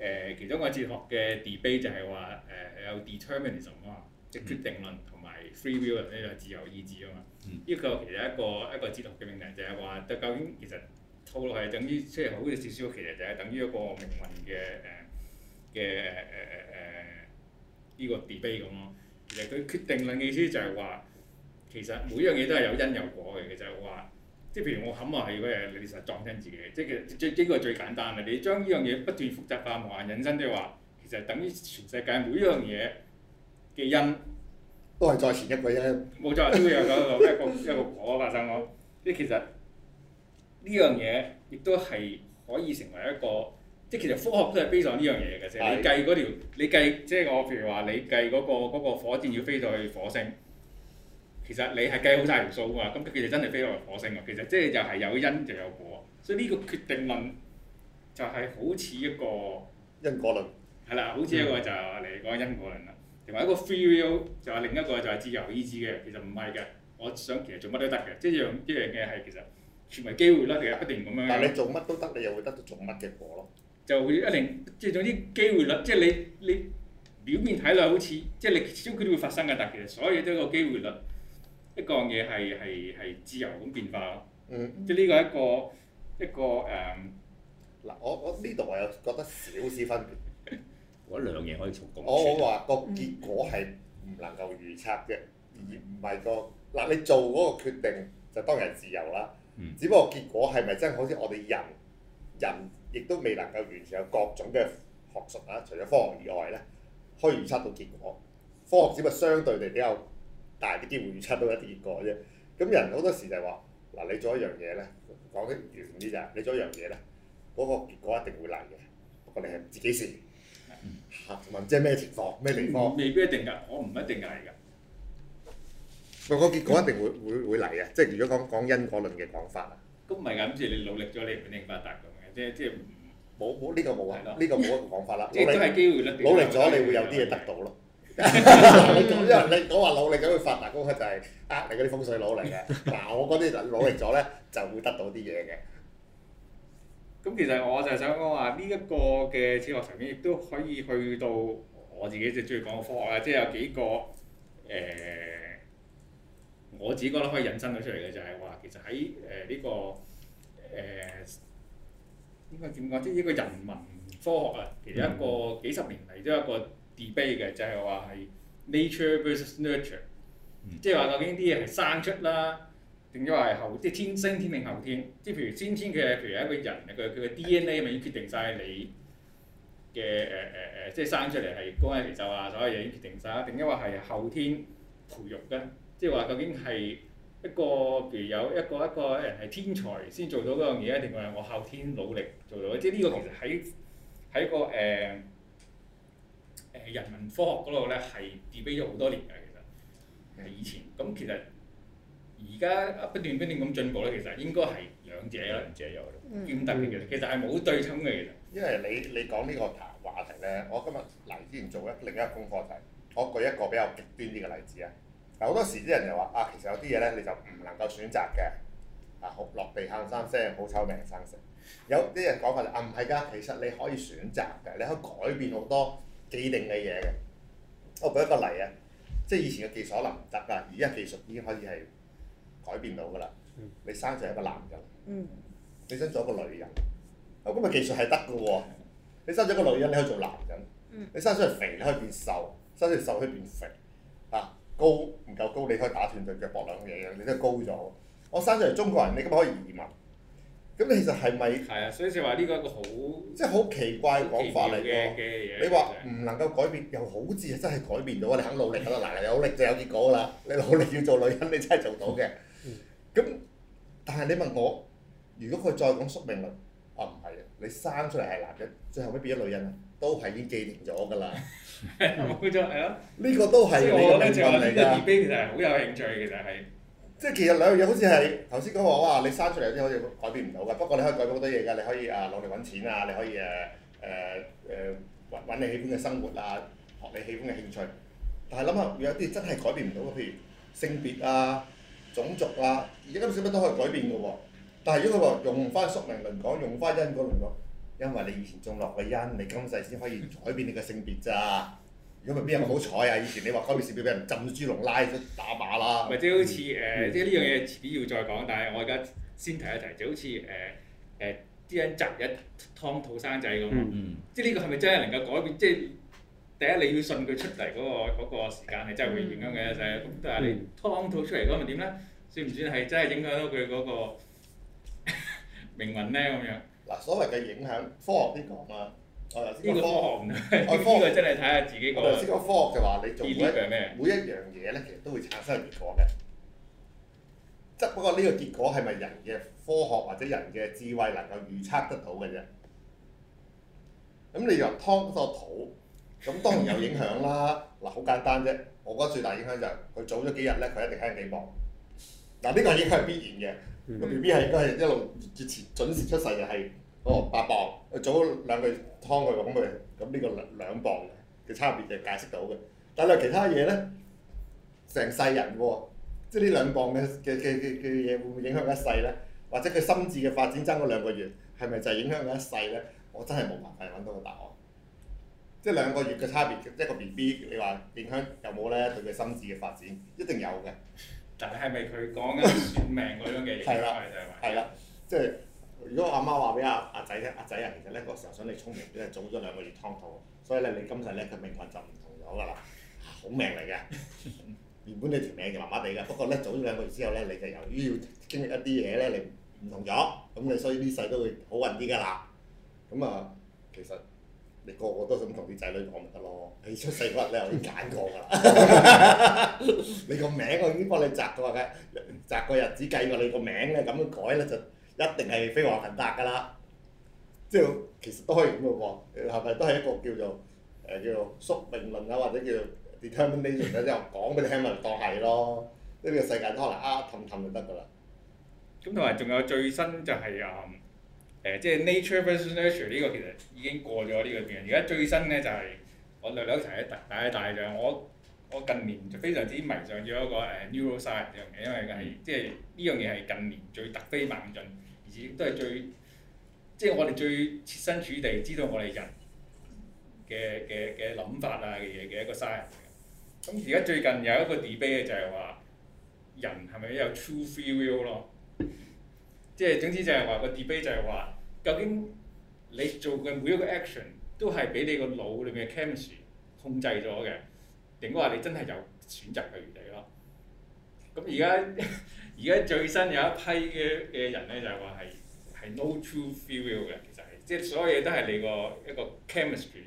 誒其中一個哲學嘅 debate，就係話誒有 determinism 啊，即係決定論同埋 free will 咧就自由意志啊嘛。呢個、嗯、其實一個一個哲學嘅命題，就係話究竟其實套落係等於即係好少少，其實,其實就係等於一個命運嘅誒嘅誒誒誒呢個 debate 咁咯、啊。佢決定論嘅意思就係話，其實每樣嘢都係有因有果嚟嘅，就係話，即係譬如我冚啊，係如果嘢你實撞親自己，即係其實最呢、這個最簡單嘅，你將呢樣嘢不斷複雜化、無限引申即係話，其實等於全世界每樣嘢嘅因都係在前一個因，冇錯，都會 *laughs* 有個一個一個果發生咯。即係其實呢樣嘢亦都係可以成為一個。即係其實科學都係基於呢樣嘢嘅啫。你計嗰條，你計即係我譬如話你計嗰個嗰個火箭要飛到去火星，其實你係計好晒條數㗎嘛。咁佢哋真係飛落去火星㗎。其實即係就係有因就有果，所以呢個決定論就係好似一個因果論。係啦，好似一個就係你講因果論啦。同埋一個 free will 就係另一個就係自由意志嘅。其實唔係嘅，我想其實做乜都得嘅。即係一樣一樣嘢係其實全為機會啦，定係不定咁樣。但係你做乜都得，你又會得到做乜嘅果咯？就會一定，即係總之機會率，即係你你表面睇落好似，即係你超終佢都會發生㗎。但其實所有嘢都係個機會率，一個嘢係係係自由咁變化咯、嗯。嗯，即係呢個一個一個誒嗱，我我呢度我又覺得少少分別。 *laughs* 我兩嘢可以從。我我話、那個結果係唔能夠預測嘅，嗯、而唔係個嗱，你做嗰個決定就當然係自由啦。嗯，只不過結果係咪真係好似我哋人人？人亦都未能夠完全有各種嘅學術啊，除咗科學以外咧，可以預測到結果。科學只不過相對地比較大啲機會預測到一啲結果啫。咁人好多時就係話：嗱，你做一樣嘢咧，講得完啲就係你做一樣嘢咧，嗰個結果一定會嚟嘅。不過你係唔知幾時吓，同埋唔知咩情況咩地方、嗯？未必一定㗎，我唔一定係㗎。不過個結果一定會 *laughs* 會會嚟嘅，即係如果講講因果論嘅講法啊。咁唔係㗎，諗住你努力咗，你肯定發達。即係即係冇冇呢個冇啊，呢 *noise* 個冇一個講法啦。即係真係機會努力咗你會有啲嘢得到咯。 *laughs* *laughs* 因為你講話努力咗去發達，嗰刻就係、是、呃、啊、你嗰啲風水佬嚟嘅。嗱、 *laughs* 啊，我嗰啲就努力咗咧，就會得到啲嘢嘅。咁其實我就係想講話呢一個嘅哲學層面，亦都可以去到我自己最中意講嘅科學啊！即、就、係、是、有幾個誒、欸，我自己覺得可以引申到出嚟嘅就係話，其實喺誒呢個誒。欸欸欸欸欸欸應該點講？即係一個人文科學啊，其實一個幾十年嚟都有一個 debate 嘅，就係話係 nature versus nurture，嗯，即係話究竟啲嘢係生出啦，定咗係後即係天升天定後天。即係譬如先天嘅，譬如一個人嘅佢嘅 DNA 咪已經決定晒你嘅誒誒誒，即係生出嚟係高矮肥瘦啊，所有嘢已經決定晒啦。定因為係後天培育嘅，即係話究竟係？一個譬如有一個一個人係天才先做到嗰樣嘢，定係我後天努力做到嘅？即係呢個其實喺喺個誒誒、呃、人文科學嗰度咧係 debate 咗好多年嘅，其實以前。咁、嗯、其實而家不斷不斷咁進步咧，其實應該係兩者一樣嘅有，冇咁特別嘅。啊嗯、其實係冇對稱嘅，其實。因為你你講呢個話題咧，我今日嚟之前做一另一個功課題，我舉一個比較極端啲嘅例子啊。好多時啲人就話啊，其實有啲嘢咧你就唔能夠選擇嘅，啊好落地喊三聲，好醜命生成。有啲人講法就啊唔係㗎，其實你可以選擇嘅，你可以改變好多既定嘅嘢嘅。我舉一個例啊，即係以前嘅技術可能唔得啊，而家技術已經可以係改變到㗎啦。你生咗一個男人，嗯、你想做一個女人，咁啊技術係得㗎喎，你生咗個女人你可以做男人，你生咗肥你可以變瘦，生咗瘦可以變肥。高，唔夠高，你可以打斷隻腳膊兩嘢你都高咗。我生出嚟中國人，你今日可以移民，咁你其實係咪？係啊，所以你話呢個一個好，即係好奇怪講法嚟個。你話說唔實能夠改變，又好似係真係改變到，你肯努力就得，嗱、嗯啊，有力就有結果噶啦。你努力要做女人，你真係做到嘅。咁、嗯，但係你問我，如果佢再講宿命論，我唔係啊。你生出嚟係男人，最後尾變咗女人啊，都係已經既定咗㗎啦。 *laughs* 冇錯，呢 *laughs* 個都係呢個問題嚟 b，其實係好有興趣，其實係。即係其實兩樣嘢好似係頭先講話，哇！你生出嚟啲好似改變唔到㗎，不過你可以改好多嘢㗎。你可以啊攞嚟揾錢啊，你可以誒誒誒揾你喜歡嘅生活啊，學你喜歡嘅興趣。但係諗下，如果有啲真係改變唔到，譬如性別啊、種族啊，而家啲小乜都可以改變嘅喎。但係如果話用翻宿命論講，用翻因果論講。因為你以前種落個因，你今世先可以改變你個性別咋？如果咪邊有好彩啊？以前你話改變性別俾人浸咗豬籠拉咗打靶啦。或者、嗯嗯、好似誒，呃嗯、即係呢樣嘢遲啲要再講，但係我而家先提一提，就好似誒誒啲人擇日劏肚生仔咁，嗯、即係呢個係咪真係能夠改變？即係第一你要信佢出嚟嗰，那個嗰，那個時間係真係會影響嘅就係，是，咁，但係你劏肚出嚟咁咪點咧？算唔算係真係影響到佢嗰個命運咧？咁樣？嗱，所謂嘅影響，科學啲講啊，我頭先講科學，呢個真係睇下自己講，啊。頭先講科學就話你做每一每一樣嘢咧，其實都會產生結果嘅。即係不過呢個結果係咪人嘅科學或者人嘅智慧能夠預測得到嘅啫？咁你入劏個土，咁當然有影響啦。嗱，好簡單啫。我覺得最大影響就係佢早咗幾日咧，佢一定喺地膜。嗱，呢個影響係必然嘅。個 B B 係都係一路準時出世，就係哦八磅，嗯、早兩個月劏佢咁嘅，咁呢個兩兩磅嘅差別就解釋到嘅。但係其他嘢咧，成世人喎，即係呢兩磅嘅嘅嘅嘅嘢會唔會影響一世咧？或者佢心智嘅發展爭嗰兩個月係咪就係影響咗一世咧？我真係冇辦法揾到個答案。即係兩個月嘅差別，一個 B B 你話影響有冇咧對佢心智嘅發展，一定有嘅。但係係咪佢講嘅算命嗰樣嘅嘢？係啦、啊，係啦，即係、嗯、 *laughs* 如果阿媽話俾阿阿仔聽，阿仔啊，其實咧嗰時候想你聰明啲，就係、早咗兩個月湯肚，所以咧你今世咧佢命運就唔同咗㗎啦，好命嚟嘅， *laughs* 原本你條命就麻麻地嘅，不過咧早咗兩個月之後咧，你就由於要經歷一啲嘢咧，你唔同咗，咁你所以呢世都會好運啲㗎啦，咁啊其實。 *laughs* *laughs* 你個個都想同啲仔女講咪得咯？你出世日你又已經揀過㗎啦， *laughs* *laughs* 你個名我已經幫你擇過嘅，擇個日子計過你個名咧咁樣改咧就一定係飛黃騰達㗎啦。即係其實都可以咁嘅喎，係咪都係一個叫做誒叫做宿命論啊，或者叫做「determination 之後講 *laughs* 俾你聽咪當係咯，呢、呢個世界都可能啊氹氹就得㗎啦。咁同埋仲有最新就係、是、啊～誒、呃，即係 nature versus nature 呢個其實已經過咗呢個邊而家最新咧就係、是、我兩兩一齊一突，但係但我我近年就非常之迷上咗一個誒 neuroscience 呢樣嘢，cience, 因為係即係呢樣嘢係近年最突飛猛進，而且亦都係最即係我哋最切身處地知道我哋人嘅嘅嘅諗法啊嘅嘢嘅一個 science 嚟、嗯、嘅。咁而家最近有一個 debate 就係話人係咪有 true free will 咯？即係總之就係話、個 debate 就係話。究竟你做嘅每一個 action 都係俾你個腦裏面嘅 chemistry 控制咗嘅，定話你真係有選擇嘅餘地咯？咁而家而家最新有一批嘅嘅人咧，就話係係 no true free will 嘅，其實係即係所有嘢都係你個一個 chemistry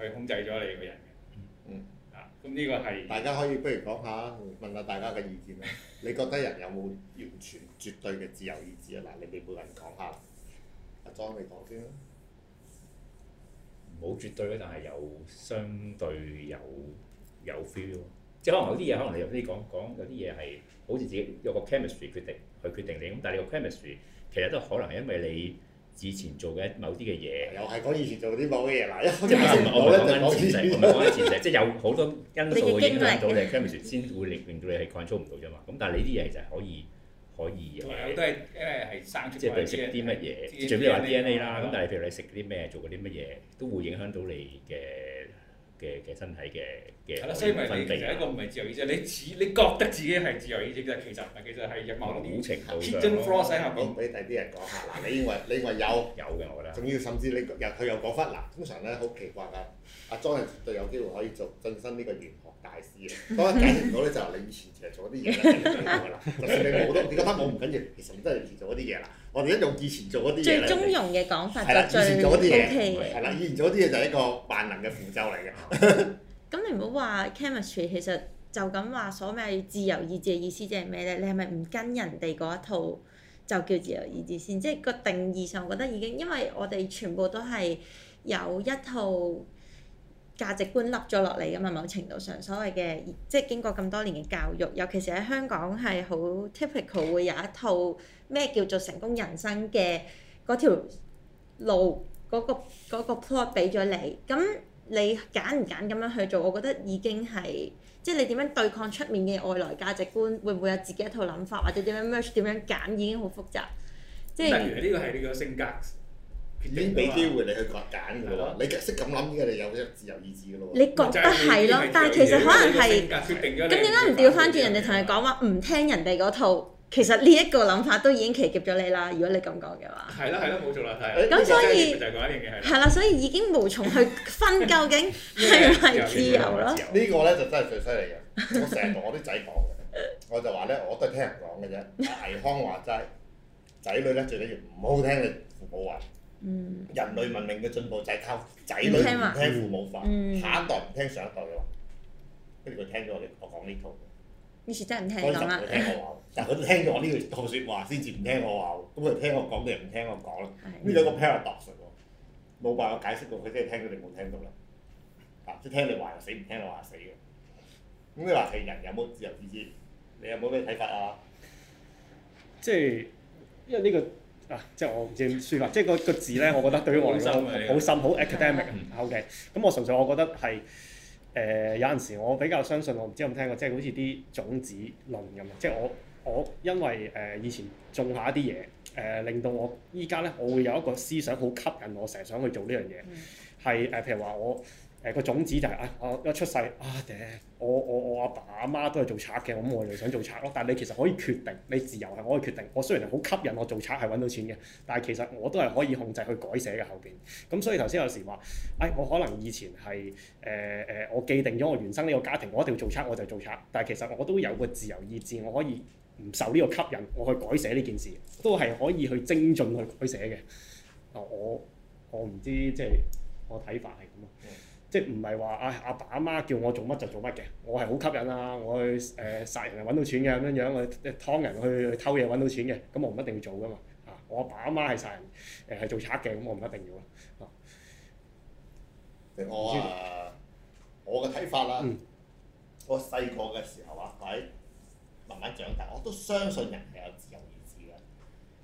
去控制咗你個人嘅。嗯。啊，咁呢個係大家可以不如講下問下大家嘅意見啊？ *laughs* 你覺得人有冇完全絕對嘅自由意志啊？嗱，你哋冇人講下。再未講先啦，冇絕對咯，但係有相對有有 feel 即係可能有啲嘢可能你有啲講講有啲嘢係好似自己有個 chemistry 決定去決定你，咁但係你個 chemistry 其實都可能係因為你以前做嘅某啲嘅嘢，又係講以前做啲某啲嘢嗱，一即係唔我唔講緊前世，我唔講緊前世，即係有好多因素會影響到你， *laughs* 你 chemistry 先 *laughs* 會令令到你係 control 唔到啫嘛，咁但係你啲嘢其實係可以。可以嘅，都係因為係生出嚟即係譬如食啲乜嘢，最緊要話 DNA 啦。咁但係譬如你食啲咩，做過啲乜嘢，都會影響到你嘅。嘅嘅身體嘅嘅，所以咪你其實一個唔係自由意志，你自你覺得自己係自由意志，但其實係，其實係有某啲程度 f l o r 底下好唔俾第啲人講下。嗱，你以為你以為有有嘅，我覺得。仲要甚至你又佢又講翻。嗱，通常咧好奇怪嘅。阿 John 係絕對有機會可以做晉身呢個玄學大師嘅。講解釋唔到咧，就係你以前其實做咗啲嘢啦。就算你冇都，你覺得我唔緊要，其實都係以前做咗啲嘢啦。我哋依家用以前做嗰啲最中庸嘅講法就最近、ok、期。係啦， *noise* 以前做嗰啲嘢就係一個萬能嘅符咒嚟嘅。咁 *laughs* 你唔好話 chemistry，其實就咁話所謂自由意志嘅意思即係咩咧？你係咪唔跟人哋嗰一套就叫自由意志先？即係個定義上，我覺得已經，因為我哋全部都係有一套。價值觀笠咗落嚟噶嘛？某程度上，所謂嘅即係經過咁多年嘅教育，尤其是喺香港係好 typical 會有一套咩叫做成功人生嘅嗰條路，嗰個嗰個 plot 俾咗你，咁你揀唔揀咁樣去做，我覺得已經係即係你點樣對抗出面嘅外來價值觀，會唔會有自己一套諗法，或者點樣 merge 點樣揀，已經好複雜。即係例如呢個係你個性格。已經俾機會你去抉揀㗎咯，你識咁諗嘅你有自由意志㗎咯。你覺得係咯，但係其實可能係，咁點解唔調翻轉人哋同你講話唔聽人哋嗰套？其實呢一個諗法都已經騎劫咗你啦。如果你咁講嘅話，係啦係啦，冇錯啦，係。咁所以就係講啦，所以已經無從去分究竟係唔係自由咯。呢個咧就真係最犀利嘅，我成日同我啲仔講嘅，我就話咧我都係聽人講嘅啫。阿康話齋仔女咧最緊要唔好聽你父母話。人類文明嘅進步就係靠仔女唔聽父母話，下一代唔聽上一代嘅話，跟住佢聽咗我哋我講呢套，於是真係唔聽講啦。但係佢聽咗我呢句套説話，先至唔聽我話，咁佢聽我講定唔聽我講啦。呢兩 *laughs* 個 paradox 實喎，冇辦法解釋喎，佢真係聽到定冇聽到啦。啊，即係聽你話又死，唔聽我話死嘅。咁你話係人有冇自由意志？你有冇咩睇法啊？即係因為呢、呢個。啊！即係我唔知點書法，即係個個字咧， *laughs* 我覺得對於我嚟講好深好 academic。O.K. 咁我純粹我覺得係誒、呃、有陣時我比較相信，我唔知有冇聽過，即係好似啲種子論咁樣。即係我我因為誒、呃、以前種下一啲嘢誒，令到我依家咧，我會有一個思想好吸引我，成日想去做呢樣嘢。係誒、 *music* 呃，譬如話我。誒、哎嗰個種子就係、係哎、啊！我一出世啊，我我我阿爸阿媽都係做賊嘅，咁我又想做賊咯。但係你其實可以決定，你自由係可以決定。我雖然好吸引我做賊係揾到錢嘅，但係其實我都係可以控制去改寫嘅後邊。咁所以頭先有時話誒、哎，我可能以前係誒誒，我既定咗我原生呢個家庭，我一定要做賊，我就做賊。但係其實我都有個自由意志，我可以唔受呢個吸引，我去改寫呢件事，都係可以去精進去改寫嘅。我、就係、我唔知即係我睇法係咁即係唔係話阿阿爸阿媽叫我做乜就做乜嘅？我係好吸引啊！我去誒、呃、殺人揾到錢嘅咁樣樣，我去劏人去偷嘢揾到錢嘅，咁我唔一定要做噶嘛啊！我阿爸阿媽係殺人誒係、呃、做賊嘅，咁我唔一定要咯我啊，我嘅睇法啦，我細個嘅時候啊，喺慢慢長大，我都相信人係有自由意志嘅。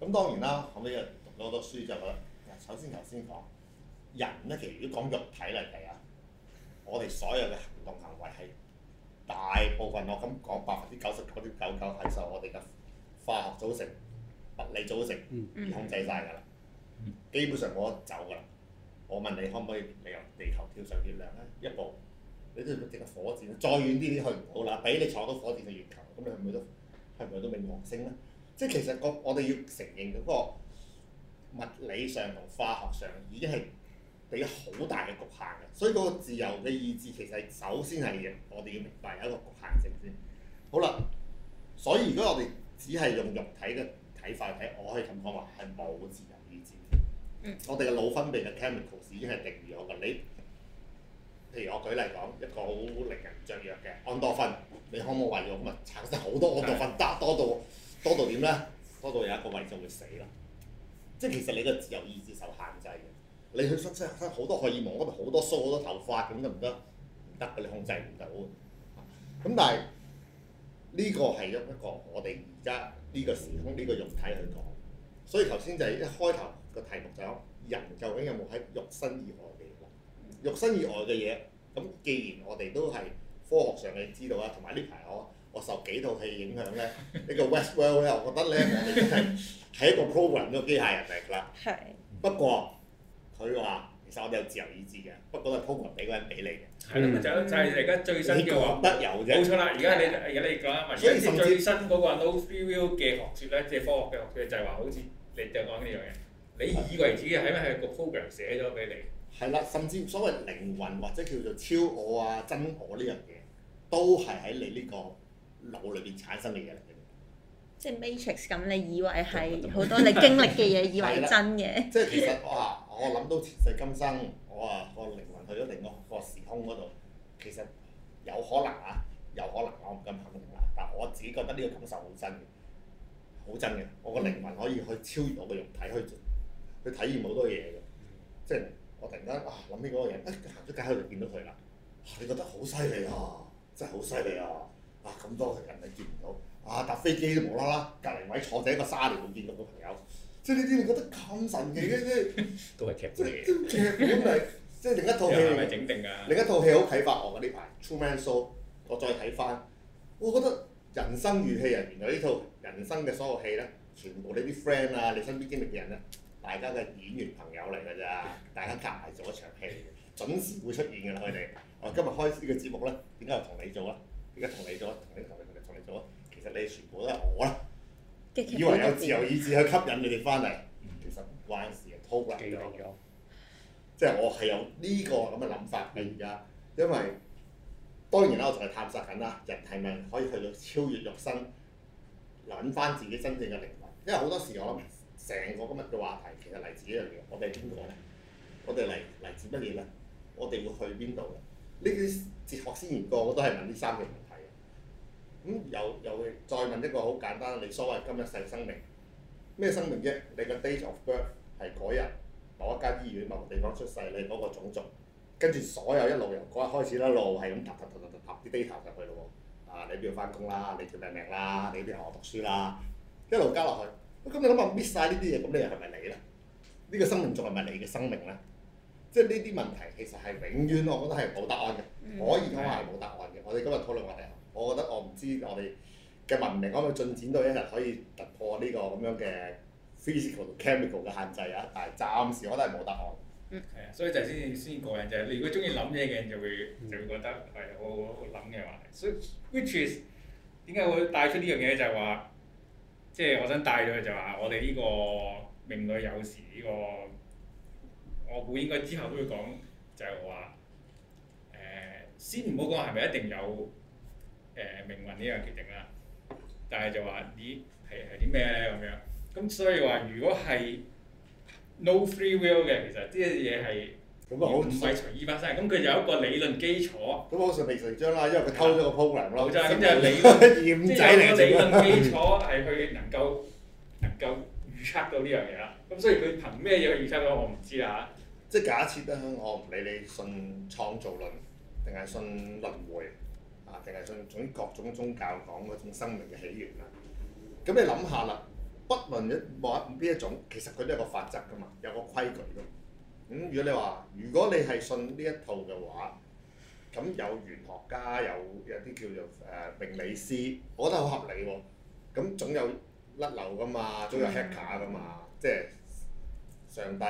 咁、啊、當然啦、啊，後尾又讀咗好多書之後，覺得啊，首先頭先講人咧，其實如果講肉體嚟睇啊。我哋所有嘅行動行為，係大部分，我咁講百分之九十九點九九係受我哋嘅化學組成、物理組成控制晒㗎啦。基本上我走㗎啦。我問你可唔可以你由地球跳上月亮咧？一步，你即係即係火箭。再遠啲你去唔到啦。俾你坐到火箭去月球，咁你去唔去到？去唔去到冥王星咧？即係其實個我哋要承認嘅，不過物理上同化學上已經係，俾好大嘅局限嘅，所以嗰個自由嘅意志其實首先係我哋要明白有一個局限性先。好啦，所以如果我哋只係用肉體嘅睇法睇，我可以咁講話係冇自由意志。嗯。我哋嘅腦分泌嘅 chemical 已經係定義我㗎。你譬如我舉例講一個好令人雀躍嘅安多芬，你可唔可以話用咁啊產生好多安多芬？得的多到，多到點咧？多到有一個位置就會死啦。即係其實你嘅自由意志受限制嘅。你去分析係好多荷爾蒙嗰度，好多梳好多頭髮咁得唔得？唔得，你控制唔到嘅。咁但係呢個係一一個我哋而家呢個時空呢個肉體去講，所以頭先就係一開頭個題目就講人究竟有冇喺肉身以外嘅嘢？肉身以外嘅嘢咁，既然我哋都係科學上嘅知道啦，同埋呢排我我受幾套戲影響咧，呢 *laughs* 個 Westworld 我覺得咧我哋係 *laughs* 一個 p r o g r a m 嘅，機械人嚟㗎。係 *laughs* 不過。佢話：其實我哋有自由意志嘅，不過個 program 俾人俾你嘅。係咯，就係而家最新嘅話，冇錯啦。而家你，而家你講啊，所以最新嗰個 no free will 嘅學説咧，即係科學嘅學説，就係、是、話好似你就講呢樣嘢，你以為自己係咪係個 program 寫咗俾你？係啦，甚至所謂靈魂或者叫做超我啊、真我呢樣嘢，都係喺你呢個腦裏邊產生嘅嘢嚟嘅。即係 Matrix 咁，你以為係好 *laughs* 多你經歷嘅嘢以為真嘅。即係其實話。我諗到前世今生，我啊個靈魂去咗另外個時空嗰度，其實有可能啊，有可能我唔敢肯定啦，但係我自己覺得呢個感受好真，好真嘅，我個靈魂可以去超越我個肉體去去體驗好多嘢嘅，嗯、即係我突然間啊，諗起嗰個人，一行出街喺度見到佢啦，哎，你覺得好犀利啊，嗯、真係好犀利啊，嗯啊，啊，咁多嘅人你見唔到，啊搭飛機都無啦啦，隔離位坐者一個沙鳥會見到個朋友。即係你啲，覺得咁神奇嘅即係都係劇本嚟，即係另一套戲係整定㗎。另一套戲好啟發我嘅呢排《Truman Show》，我再睇翻，我覺得人生如戲啊，原來呢套人生嘅所有戲咧，全部你啲 friend 啊，你身邊經歷嘅人咧，大家嘅演員朋友嚟㗎咋，大家夾埋做一場戲，準時會出現㗎啦佢哋。我今日開始呢個節目咧，點解同你做啊？點解同你做？同你做？同你，你，你，你，你，你做？其實你哋全部都係我啦。以為有自由意志去吸引你哋翻嚟，其實話事係拖泥，即係我係有呢個咁嘅諗法嘅而家。嗯、因為當然啦，我就係探索緊啦，人係咪可以去到超越肉身，揾翻自己真正嘅靈魂？因為好多時我諗，成個今日嘅話題其實嚟自一樣嘢，我哋係邊個咧？我哋嚟嚟自乜嘢咧？我哋會去邊度嘅？呢啲哲學先賢講，我都係問呢三樣。咁、嗯、又又會再問一個好簡單，你所謂今日世生命咩生命啫？你個 date of birth 係嗰日，某一間醫院某個地方出世，你嗰個種族，跟住所有一路由嗰日開始啦，一路係咁突突突突突啲 date 入去咯喎。啊，你要翻工啦，你條命命、啊、啦，你啲學讀書啦、啊，一路加落去。咁你諗下搣晒呢啲嘢，咁你又係咪你咧？呢、呢個生命仲係咪你嘅生命咧？即係呢啲問題其實係永遠，我覺得係冇答案嘅。可以講話係冇答案嘅。嗯、的我哋今日討論問題。我覺得我唔知我哋嘅文明可唔可以進展到一日可以突破呢個咁樣嘅 physical 同 chemical 嘅限制啊？但係暫時我都係冇答案。係啊、嗯， *noise* 所以就先先個人就係你如果中意諗嘢嘅人，就，是、人就會就會覺得係好好諗嘅話，所以 which is 點解會帶出呢樣嘢就係話即係我想帶咗佢就話我哋呢個命裏有時命裡有時呢、這個我估應該之後都會講就係話誒先唔好講係咪一定有。誒命運呢樣決定啦，但係就話咦係係啲咩咧咁樣，咁所以話如果係 no free will 嘅，其實呢樣嘢係我唔係隨意發生，咁佢有一個理論基礎。咁好順理成章啦，因為佢偷咗個 program 咯。冇錯，咁就係理論， *laughs* 即係有個理論基礎係佢能夠能夠預測到呢樣嘢啦。咁所以佢憑咩嘢去預測到？我唔知啦，即係假設啦，我唔理你信創造論定係信輪迴。定淨係信種各種宗教講嗰種生命嘅起源啦。咁你諗下啦，不論一話邊一種，其實佢都有個法則噶嘛，有個規矩噶嘛。咁如果你話，如果你係信呢一套嘅話，咁有玄學家，有有啲叫做誒命理師，我覺得好合理喎。咁總有甩漏噶嘛，總有黑客噶嘛，即係上帝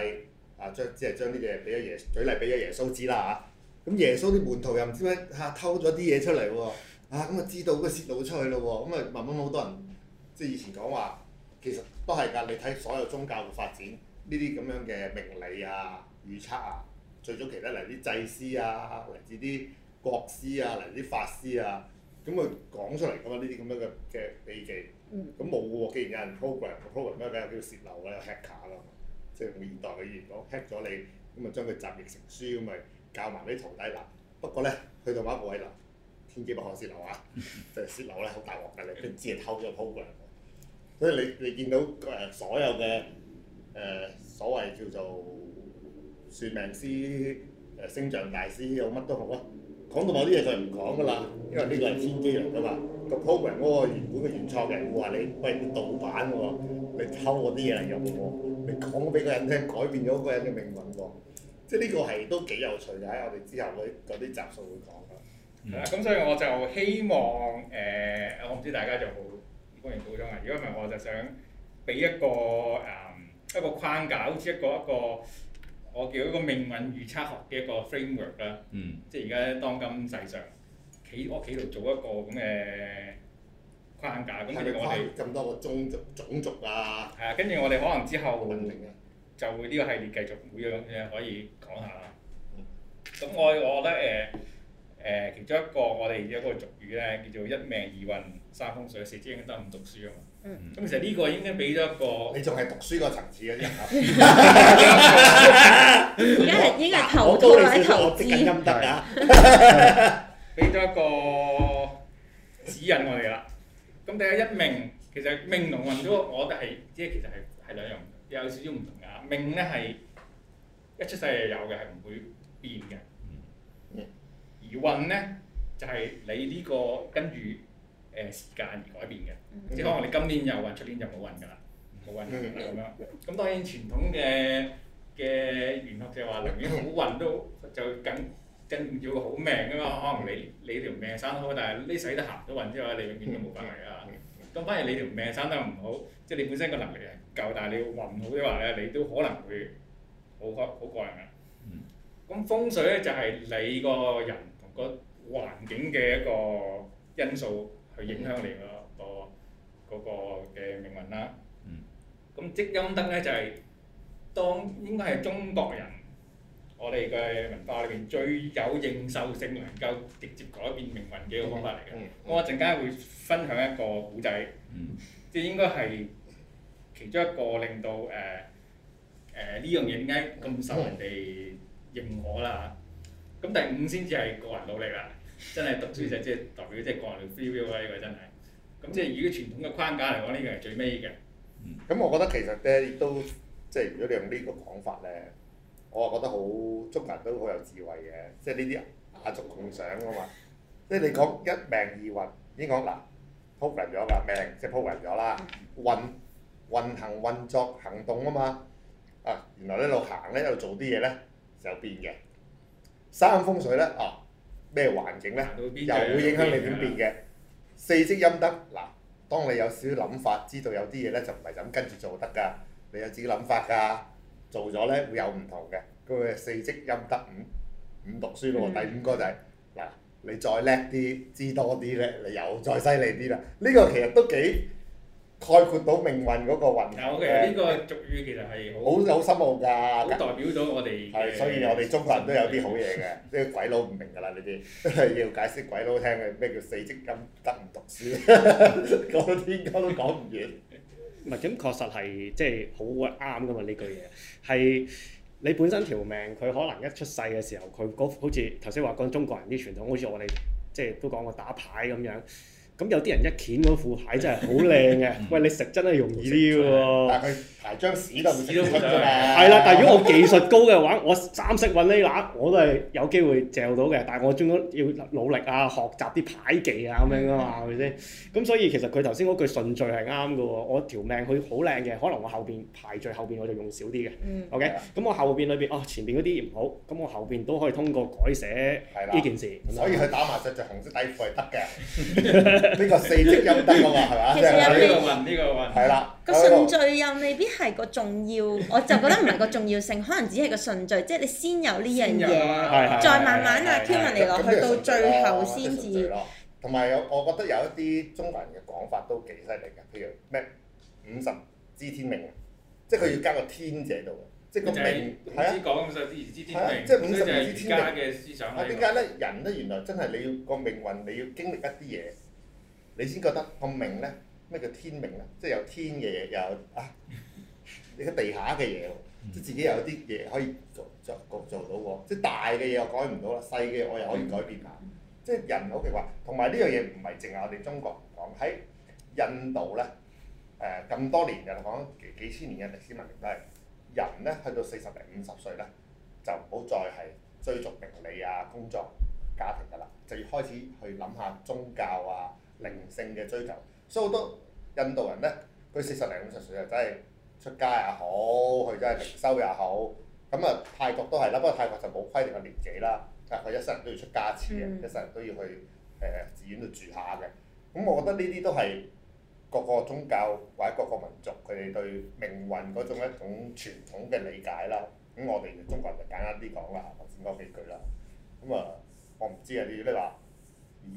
啊，將即係將啲嘢俾咗耶，舉例俾咗耶穌知啦嚇。咁耶穌啲門徒又唔知咩吓，偷咗啲嘢出嚟喎、啊，啊咁啊、嗯、知道都泄露出去咯喎、啊，咁、嗯、啊、嗯嗯、慢慢好多人即係以前講話，其實都係㗎。你睇所有宗教嘅發展，呢啲咁樣嘅命理啊、預測啊，最早期咧嚟啲祭司啊，嚟自啲國師啊，嚟啲法師啊，咁佢講出嚟㗎嘛？呢啲咁樣嘅嘅秘技，咁冇喎。既然有人 program，program 咩㗎、嗯？Program，叫泄露啊，有 hacker 咯，即係現代嘅語言講 hack 咗你，咁啊將佢集譯成書咁咪。教埋俾徒弟嗱，不過咧去到某一個位嗱，天機不可泄露啊！即係泄露咧好大鑊㗎你，你唔知係偷咗 program，所以你你見到誒、呃、所有嘅誒、呃、所謂叫做算命師、誒、呃、星象大師，有乜都好啊！講到某啲嘢就唔講㗎啦，因為呢個係天機嚟㗎嘛。個 program 嗰個原本嘅原創人，會話你喂你盜版喎，你偷我啲嘢嚟入喎，你講咗俾個人聽，改變咗一個人嘅命運喎。即係呢個係都幾有趣㗎，我哋之後嗰啲集數會講㗎。係啦、嗯，咁、 *noise* 嗯、所以我就希望誒、呃，我唔知大家有冇歡迎鼓掌啊？如果唔係，我就想俾一個誒、嗯、一個框架，好似一個一個我叫一個命運預測學嘅一個 framework 啦。嗯。即係而家當今世上企屋企度做一個咁嘅框架。咁、嗯、我哋咁多種族種族啊！係啊，跟住我哋可能之後會，穩定啊！就會呢個系列繼續每樣嘢可以講下啦。咁我我覺得誒誒其中一個我哋一個俗語咧叫做一命二運三風水四積陰德五讀書啊。咁其實呢個應該俾咗一個你仲係讀書個層次啊？而家係應該係投資喺投資。俾咗一個指引我哋啦。咁第一一命其實命龍運咗我覺得係即係其實係係兩樣。有少少唔同㗎，命咧係一出世就有嘅，係唔會變嘅、嗯。而運咧就係、是、你呢、這個跟住誒、呃、時間而改變嘅，嗯、即係可能你今年有運，出年就冇運㗎啦，冇運咁樣。咁當然傳統嘅嘅原則就係話，寧願好運都就緊更要好命㗎嘛。可能你你條命生得好，但係你使得行到運之後，你永遠都冇法嚟啊。咁反而你條命生得唔好，即係你本身個能力係。夠，但係你要運好啲話咧，你都可能會好可好過人嘅。嗯。咁風水咧就係、是、你個人同個環境嘅一個因素去影響你嗰個嗰個嘅命運啦。嗯。咁積陰德咧就係、是、當應該係中國人，我哋嘅文化裏邊最有認受性，能夠直接改變命運嘅一個方法嚟嘅。嗯。我一陣間會分享一個古仔。嗯。即係應該係。其中一個令到誒誒呢樣嘢點解咁受人哋認可啦？咁、嗯嗯、第五先至係個人努力啦，真係讀書就即係代表即係、就是、個人嘅 free will 真係、就是。咁即係如果傳統嘅框架嚟講，呢、這個係最尾嘅。咁、嗯、我覺得其實咧亦都即係如果你用呢個講法咧，我覺得好聰明，都好有智慧嘅。即係呢啲雅俗共賞啊嘛。即係你講一命二運，已經講嗱 program 咗㗎命，即係 program 咗啦運。運行運作行動啊嘛，啊原來一路行咧，一路做啲嘢咧就變嘅。三風水咧，啊咩環境咧，又會影響你點變嘅。四積陰德，嗱，當你有少少諗法，知道有啲嘢咧就唔係咁跟住做得㗎，你有自己諗法㗎，做咗咧會有唔同嘅。嗰個四積陰德五，五讀書咯喎，第五個就係嗱，你再叻啲，知多啲咧，你又再犀利啲啦。呢個其實都幾～概括到命運嗰個運，有嘅呢個俗語其實係好，好深奧㗎，好但代表咗我哋嘅。所以我哋中國人都有啲好嘢嘅，即係 *laughs* 鬼佬唔明㗎啦呢啲，要解釋鬼佬聽嘅咩叫四積金得唔讀書，講 *laughs* 到天光都講唔完。唔係，咁確實係即係好啱㗎嘛呢句嘢，係你本身條命，佢可能一出世嘅時候，佢好似頭先話講中國人啲傳統，好似我哋即係都講過打牌咁樣。咁有啲人一揀嗰副蟹真係好靚嘅， *laughs* 喂，你食真係容易啲喎，啊。 *laughs* 大張屎都唔知點樣啫係啦，但係如果我技術高嘅話，我三色揾呢粒，我都係有機會掟到嘅。但係我仲要努力啊，學習啲牌技啊咁樣噶嘛，係咪先？咁所以其實佢頭先嗰句順序係啱嘅喎。我條命佢好靚嘅，可能我後邊排序後邊我就用少啲嘅。OK，咁我後邊裏邊哦，前邊嗰啲唔好，咁我後邊都可以通過改寫呢件事。所以佢打麻雀着紅色底褲係得嘅，呢個四色音得嘅嘛，係咪？其實又呢個運，呢個運。係啦。個順序又未必。係個重要，我就覺得唔係個重要性，可能只係個順序，即係你先有呢樣嘢，再慢慢啊 human 嚟落去到最後先至。同埋有，我覺得有一啲中國人嘅講法都幾犀利嘅，譬如咩五十知天命，即係佢要加個天字度，即係個命。係啊，講五十知天命。即係五十知天命嘅思想。啊，點解咧？人咧，原來真係你要個命運，你要經歷一啲嘢，你先覺得個命咧，咩叫天命咧？即係有天嘅嘢，又有啊。你個地下嘅嘢即係自己有啲嘢可以做做做到喎。即係大嘅嘢又改唔到啦，細嘅嘢我又可以改變下。即係人好奇怪，同埋呢樣嘢唔係淨係我哋中國講喺印度咧。誒、呃、咁多年又講幾幾千年嘅歷史文明都係人咧，去到四十零五十歲咧就唔好再係追逐名利啊、工作、家庭㗎啦，就要開始去諗下宗教啊、靈性嘅追求。所以好多印度人咧，佢四十零五十歲就真係～出街又好，去真係靈修又好，咁、嗯、啊泰國都係啦，不過泰國就冇規定嘅年紀啦，但係佢一生人都要出家一次嘅，嗯、一生人都要去誒、呃、寺院度住下嘅。咁、嗯、我覺得呢啲都係各個宗教或者各個民族佢哋對命運嗰種一種傳統嘅理解啦。咁、嗯、我哋中國人就簡單啲講啦，頭先幾句啦。咁、嗯、啊，我唔知啊，你你話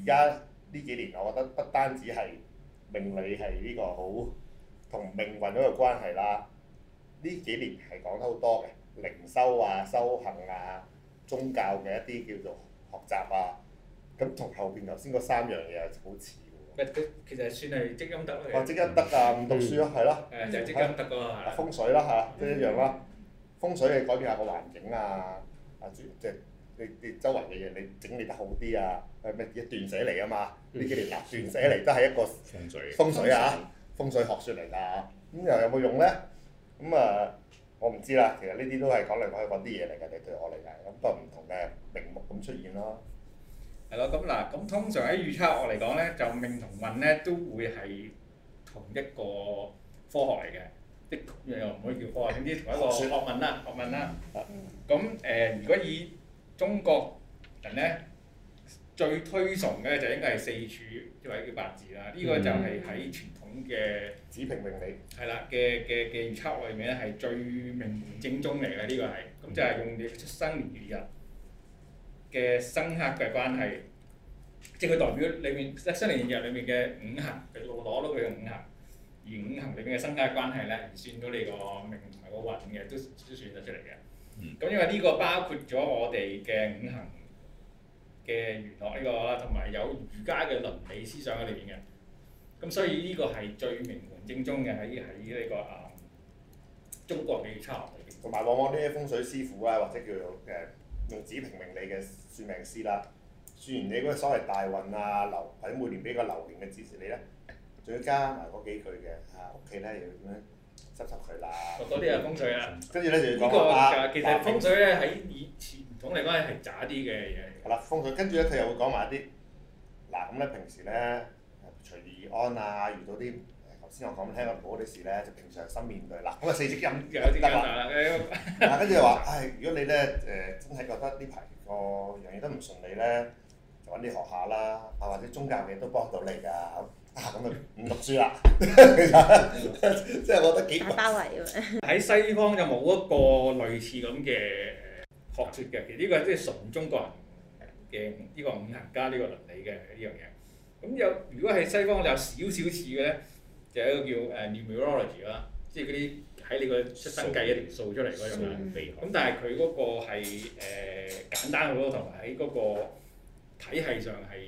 而家呢幾年，我覺得不單止係命理係呢個好。同命運都有關係啦，呢幾年係講得好多嘅靈修啊、修行啊、宗教嘅一啲叫做學習啊，咁同後邊頭先嗰三樣嘢好似喎。其實算係積陰德咯。哇！積陰德啊，唔讀、嗯、讀書咯，係咯，就積陰德啊。風水啦嚇，都一樣啦。風水你改變下個環境啊，啊即係你你周圍嘅嘢你整理得好啲啊，係咩斷捨離啊嘛？呢幾年嗱，斷捨離都係一個風水，風水，風水啊。風水學說嚟啦，咁又有冇用咧？咁、嗯、啊，我唔知啦。其實呢啲都係講嚟講去揾啲嘢嚟嘅，你對我嚟嘅，咁不過唔同嘅名目咁出現咯。係咯，咁嗱，咁通常喺預測我嚟講咧，就命同運咧都會係同一個科學嚟嘅，的確又唔可以叫科學，總之同一個學問啦， *laughs* 學問啦。咁誒、 *laughs* 呃，如果以中國人咧最推崇嘅就應該係四柱，或者叫八字啦。呢、這個就係喺全。 *laughs* 嘅子平命理係啦，嘅嘅嘅預測裏面咧係最名正宗嚟嘅呢個係，咁就係用你出生年月日嘅生克嘅關係，即係佢代表裏面出生年月日裏面嘅五行，佢攞到佢嘅五行，而五行裏面嘅生克嘅關係咧，算到你、個命同埋個運嘅，都都算得出嚟嘅。咁、嗯嗯、因為呢個包括咗我哋嘅五行嘅娛樂呢、這個同埋有儒家嘅倫理思想喺裏面嘅。咁所以呢個係最名門正宗嘅喺喺呢個啊中國嘅差學裏邊。同埋往往啲風水師傅啊，或者叫做誒用子平命理嘅算命師啦，算完你嗰啲所謂大運啊流，喺每年畀個流年嘅指示你咧，仲要加埋嗰幾句嘅嚇屋企咧又要咁樣執拾佢啦。嗰啲係風水啦、啊。跟住咧，就要講嗰個啊。其實風水咧喺以前傳統嚟講係渣啲嘅嘢。係啦、嗯，風水跟住咧佢又會講埋一啲嗱咁咧平時咧。隨遇而安啊！遇到啲頭先我講咁聽唔好啲事咧，就平常心面對啦。咁啊，四隻音，有啲音啊。啊，跟住又話：唉，如果你咧誒、呃、真係覺得呢排個樣嘢都唔順利咧，就揾啲學校啦。啊，或者宗教嘅嘢都幫到你㗎。啊，咁啊唔讀書啦。即係我覺得幾。喺 *laughs* 西方就冇一個類似咁嘅學説嘅，其實呢個係即係純中國人嘅呢個五行家呢個倫理嘅呢樣嘢。咁有，如果係西方有少少似嘅咧，就有一個叫誒 Numerology 啦，uh, ology, 即係嗰啲喺你個出生計一條數出嚟嗰種啊。咁、嗯、但係佢嗰個係誒、呃、簡單好多，同埋喺嗰個體系上係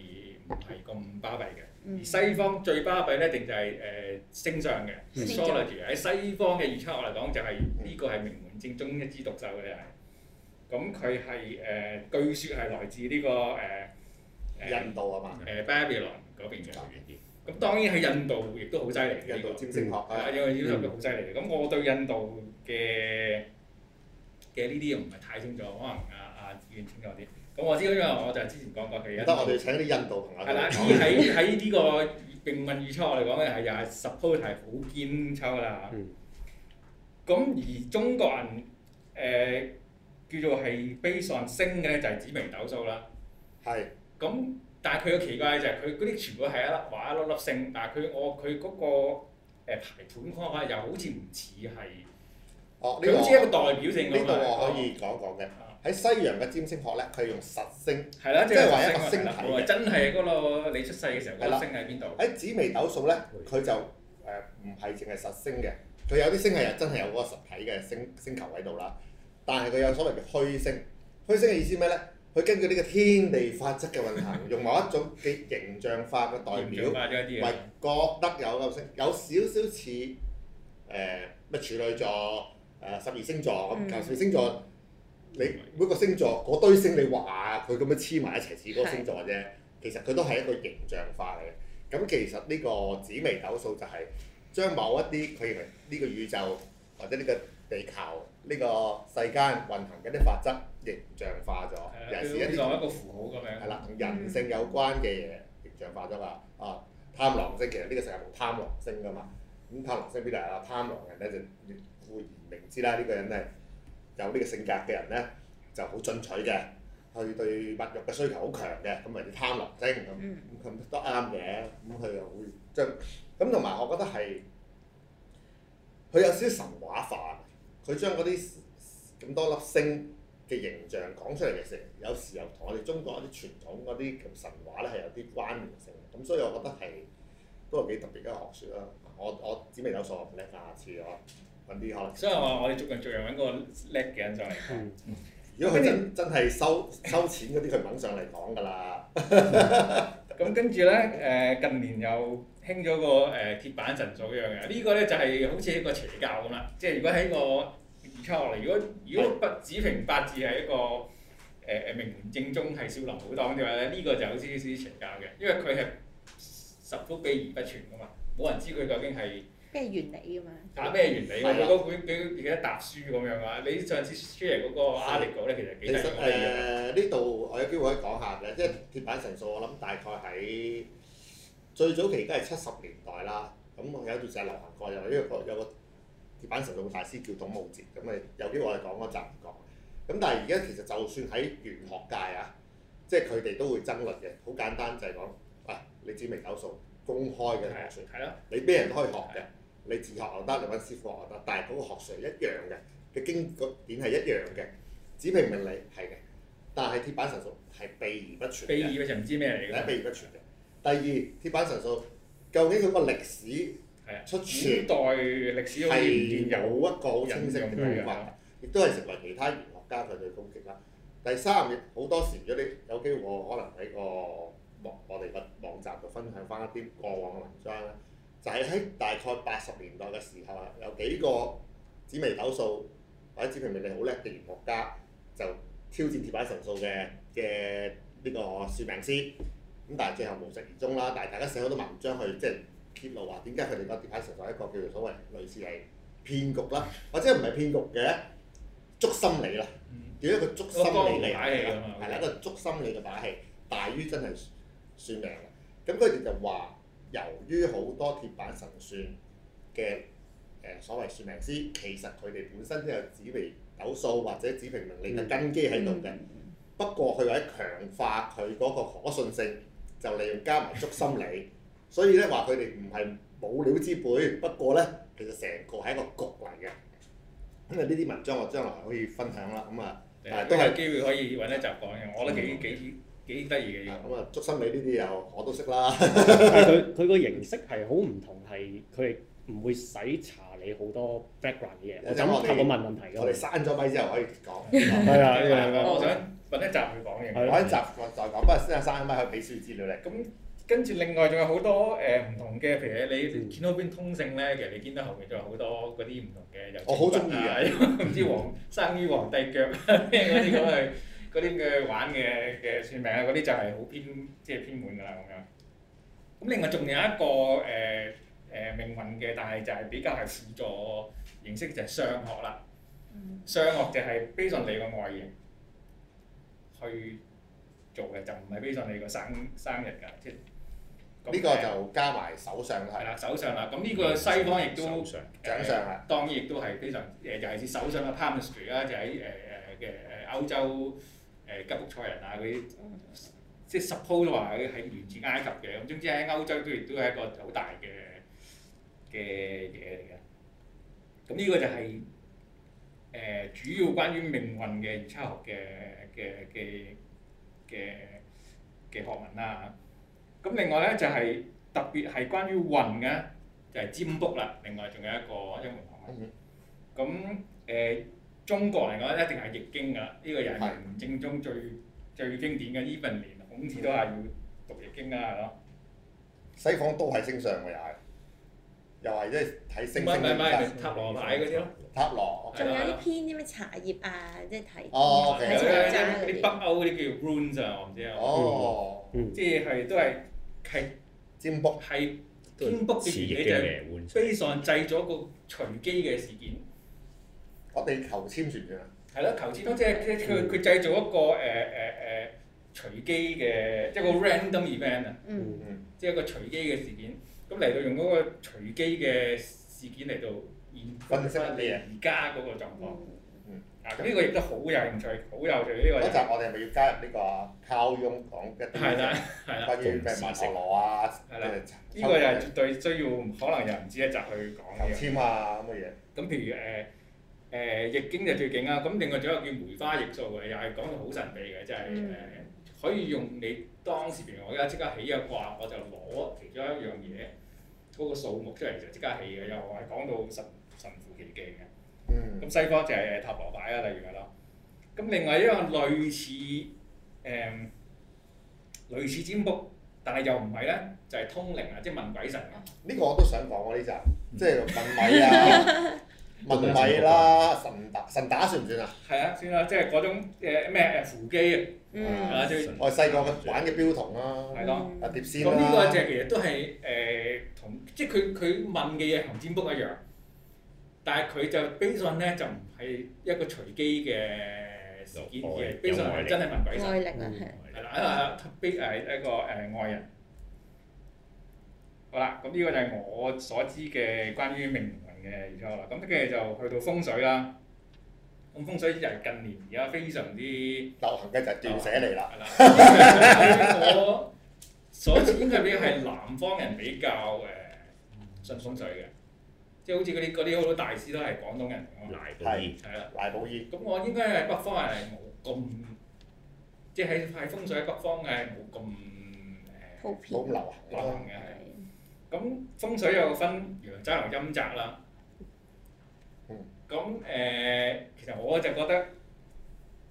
唔係咁巴閉嘅。嗯、而西方最巴閉咧，一定就係誒星象嘅。Numerology 喺西方嘅預測，我嚟講就係呢個係名門正宗一枝獨秀嘅係。咁佢係誒，據説係來自呢、這個誒。呃呃印度啊嘛，誒 Babylon 嗰邊嘅，咁、嗯、當然喺印度亦都好犀利，呢個占星學，因為占星學好犀利。嘅。咁我對印度嘅嘅呢啲唔係太清楚，可能阿阿志遠清楚啲。咁我知道因為我就之前講過佢而得我哋請啲印度同阿，係啦對，喺喺呢個並問預測我嚟講嘅係又係 suppose 好堅抽啦。嗯。咁而中國人誒、呃、叫做係悲常升嘅咧，就係紫微斗數啦。係。咁但係佢嘅奇怪就係佢嗰啲全部係一粒話一粒粒星，但係佢我佢嗰個、呃、排盤方法又好似唔似係哦，佢好似一個代表性嘅。呢度、哦、我可以講一講嘅，喺、哦、西洋嘅占星學咧，佢係用實星，即係話一個星體，真係嗰、嗰個你出世嘅時候嗰個星喺邊度？喺紫微斗數咧，佢就誒唔係淨係實星嘅，佢有啲星係又真係有嗰個實體嘅星星球喺度啦，但係佢有所謂嘅虛星，虛星嘅意思咩咧？佢根據呢個天地法則嘅運行，用某一種嘅形象化嘅代表，咪覺得有個星，有少少似誒咩處女座、誒、呃、十二星座咁，求水的星座，你每個星座嗰堆星你，你話佢咁樣黐埋一齊似嗰個星座啫，的其實佢都係一個形象化嚟嘅。咁其實呢個紫微斗數就係、是、將某一啲佢認為呢個宇宙或者呢、這個。地球呢、這個世間運行嗰啲法則形象化咗，又係有時一另一個符號咁樣。係啦，同人性有關嘅嘢形象化咗、嗯、啊！貪狼星其實呢個世界冇貪狼星㗎嘛。咁貪狼星邊嚟啊？貪狼人咧就固然明知啦，呢、這個人係有呢個性格嘅人咧，就好進取嘅，佢對物欲嘅需求好強嘅，咁咪貪狼星咁，咁都啱嘅。咁佢又會即係咁，同埋我覺得係佢有少少神話化。佢將嗰啲咁多粒星嘅形象講出嚟，其實有時候同我哋中國一啲傳統嗰啲神話咧係有啲關聯性嘅，咁所以我覺得係都係幾特別嘅學説啦。我我只未有數，唔叻，下次我揾啲可能。所以話我哋逐人逐人揾個叻嘅人上嚟。嗯。如果佢真、嗯、真係收、嗯、收錢嗰啲，佢唔肯上嚟講㗎啦。咁跟住咧，誒、 *laughs* 呃、近年有。傾咗個誒鐵板神數一樣嘅，呢、這個咧就係好似一個邪教咁啦。即係如果喺我檢測落嚟，如果如果子平八字係一個誒誒名門正宗係少林武當嘅話咧，呢、這個就好似啲邪教嘅，因為佢係十福碑而不全噶嘛，冇人知佢究竟係咩原理㗎、啊、嘛。打咩原理㗎？佢嗰本幾幾一沓書咁樣啊？你上次 share 嗰個 article 咧，其實幾大嘅。呢、呃、度、嗯、我有機會可以講下嘅，即係鐵板神數，我諗大概喺。最早期都係七十年代啦，咁我有段時間流行過，因為個有個鐵板神數大師叫董慕哲。咁誒，由於我哋講嗰集唔講。咁但係而家其實就算喺玄學界啊，即係佢哋都會爭論嘅。好簡單就係講啊，李子平手數公開嘅學術，你咩人都可以學嘅。的你自學又得，你揾師傅學又得，但係嗰個學術一樣嘅，嘅經典點係一樣嘅。子平明理係嘅，但係鐵板神數係秘而不傳嘅，秘而不傳唔知咩嚟嘅，係秘而不傳嘅。第二，鐵板神數究竟佢個歷史出處，代歷史可有一個好清晰嘅分，亦都係成為其他玄學家佢哋嘅攻擊啦。嗯、第三，好多時，如果你有機會，可能喺個我哋個網站度分享翻一啲過往嘅文章啦。就係、是、喺大概八十年代嘅時候啊，有幾個紫微斗數或者子平命理好叻嘅玄學家就挑戰鐵板神數嘅嘅呢個算命師。咁但係最後無疾而終啦。但係大家寫好多文章去即係揭露話點解佢哋個鐵板神算一個叫做所謂類似係騙局啦，或者唔係騙局嘅捉心理啦。點解佢捉心理嚟？係啦，一個捉心理嘅把戲，大於真係算命。咁佢哋就話，由於好多鐵板神算嘅誒、呃、所謂算命師，其實佢哋本身都有紫微斗數或者子平命理嘅根基喺度嘅。嗯嗯嗯嗯、不過佢為咗強化佢嗰個可信性。就利用加埋足心理，所以咧話佢哋唔係冇料之輩。不過咧，其實成個係一個局嚟嘅。咁啊，呢啲文章我將來可以分享啦。咁啊，都係機會可以揾一集講嘅。我覺得幾幾幾得意嘅嘢。咁啊，足心理呢啲又我都識啦。佢，佢個形式係好唔同，係佢唔會使查你好多 background 嘅嘢。我只係問問題㗎。我哋刪咗咪之後可以講。係啊，係啊。揾一集去講嘅，我喺集就講，不過先生起碼佢俾少啲資料嚟。咁跟住另外仲有好多誒唔、呃、同嘅，譬如你見、嗯、到邊通勝咧，其實你見到後面仲有好多嗰啲唔同嘅遊。我好中意啊！唔、啊、知皇、嗯、生於皇帝腳咩嗰啲咁嘅嗰啲嘅玩嘅嘅算命啊，嗰啲就係好偏即係、就是、偏門㗎啦咁樣。咁另外仲有一個誒誒、呃呃、命運嘅，但係就係比較係輔助形式，就係、是、相學啦。嗯、相學就係 base on 你個外形，去做嘅就唔係非常你個生生日㗎，即係呢個就加埋手相係。係啦，手相啦，咁呢個西方亦都手相。手相啦。當然亦都係非常誒，尤其是手相啊，Palmistry 啦，就喺誒誒誒誒歐洲誒吉卜賽人啊嗰啲，即係 suppose 話佢係源自埃及嘅。咁總之喺歐洲都亦都係一個好大嘅嘅嘢嚟嘅。咁呢個就係誒主要關於命運嘅測學嘅。嘅嘅嘅嘅學問啦，咁另外咧就係特別係關於運嘅就係占卜啦，另外仲有一個英文學問。咁誒中國嚟講咧一定係易經㗎，呢個又係正宗最最經典嘅，even 連孔子都係要讀易經啦，係咯。西方都係星相㗎又係，又係即係睇星星、睇塔羅牌嗰啲咯。塔羅，仲、okay. 有啲偏啲咩茶葉啊，即係睇。哦，即係啲北歐嗰啲叫 b Runes 啊，我唔知啊。哦，即係都係係占卜，係占是卜嘅，前你就非常製咗個隨機嘅事件。我哋求籤算嘅。係咯，求籤，即係佢佢製造一個誒誒誒隨機嘅即一個 random event 啊、嗯。嗯嗯。嗯即係一個隨機嘅事件，咁嚟到用嗰個隨機嘅事件嚟到。分析你而家嗰個狀況，嗯，啊呢、這個亦都好有興趣，好有趣呢個一、就、集、是。我哋係咪要加入呢、這個靠傭講嘅啲嘢？係啦，係啦。仲咩食螺啊？係啦的。呢個又係絕對需要，可能又唔止一集去講嘅、這、嘢、個。籤啊，乜嘢？咁譬如誒誒易經就最勁啦。咁另外仲有叫梅花易數嘅，又係講到好神秘嘅，即係誒可以用你當時譬如我而家即刻起一卦，我就攞其中一樣嘢嗰個數目出嚟就即刻起嘅，又係講到神。神乎其技嘅，咁、嗯、西方就係塔羅牌啊，例如啦，咁另外一個類似誒、嗯、類似占卜，但係又唔係咧，就係、是、通靈啊，即問鬼神。呢個我都想講喎，呢集即問米啊， *laughs* 問米啦、啊，神打神打算唔算啊？係啊，算、就、啦，即係嗰種咩扶乩啊，啊最我細個嘅玩嘅標童啦，啊碟仙咁呢個就其實都係誒同即佢佢問嘅嘢同占卜一樣。但係佢就悲訊咧，就唔係一個隨機嘅事件嘅，悲訊係真係問鬼神。係啦，啊悲誒一個誒愛人。好啦，咁呢個就係我所知嘅關於命運嘅嘢啦。咁跟住就去到風水啦。咁風水就係近年而家非常之流行嘅就斷捨離啦。我所知係比係南方人比較誒信風水嘅。好似嗰啲啲好多大師都係廣東人，我賴布衣，啦是，的賴布衣。咁我應該係北方人係冇咁，即係喺喺風水北方係冇咁誒，冇咁流行嘅。咁風水又分陽宅同陰宅啦。咁誒、呃，其實我就覺得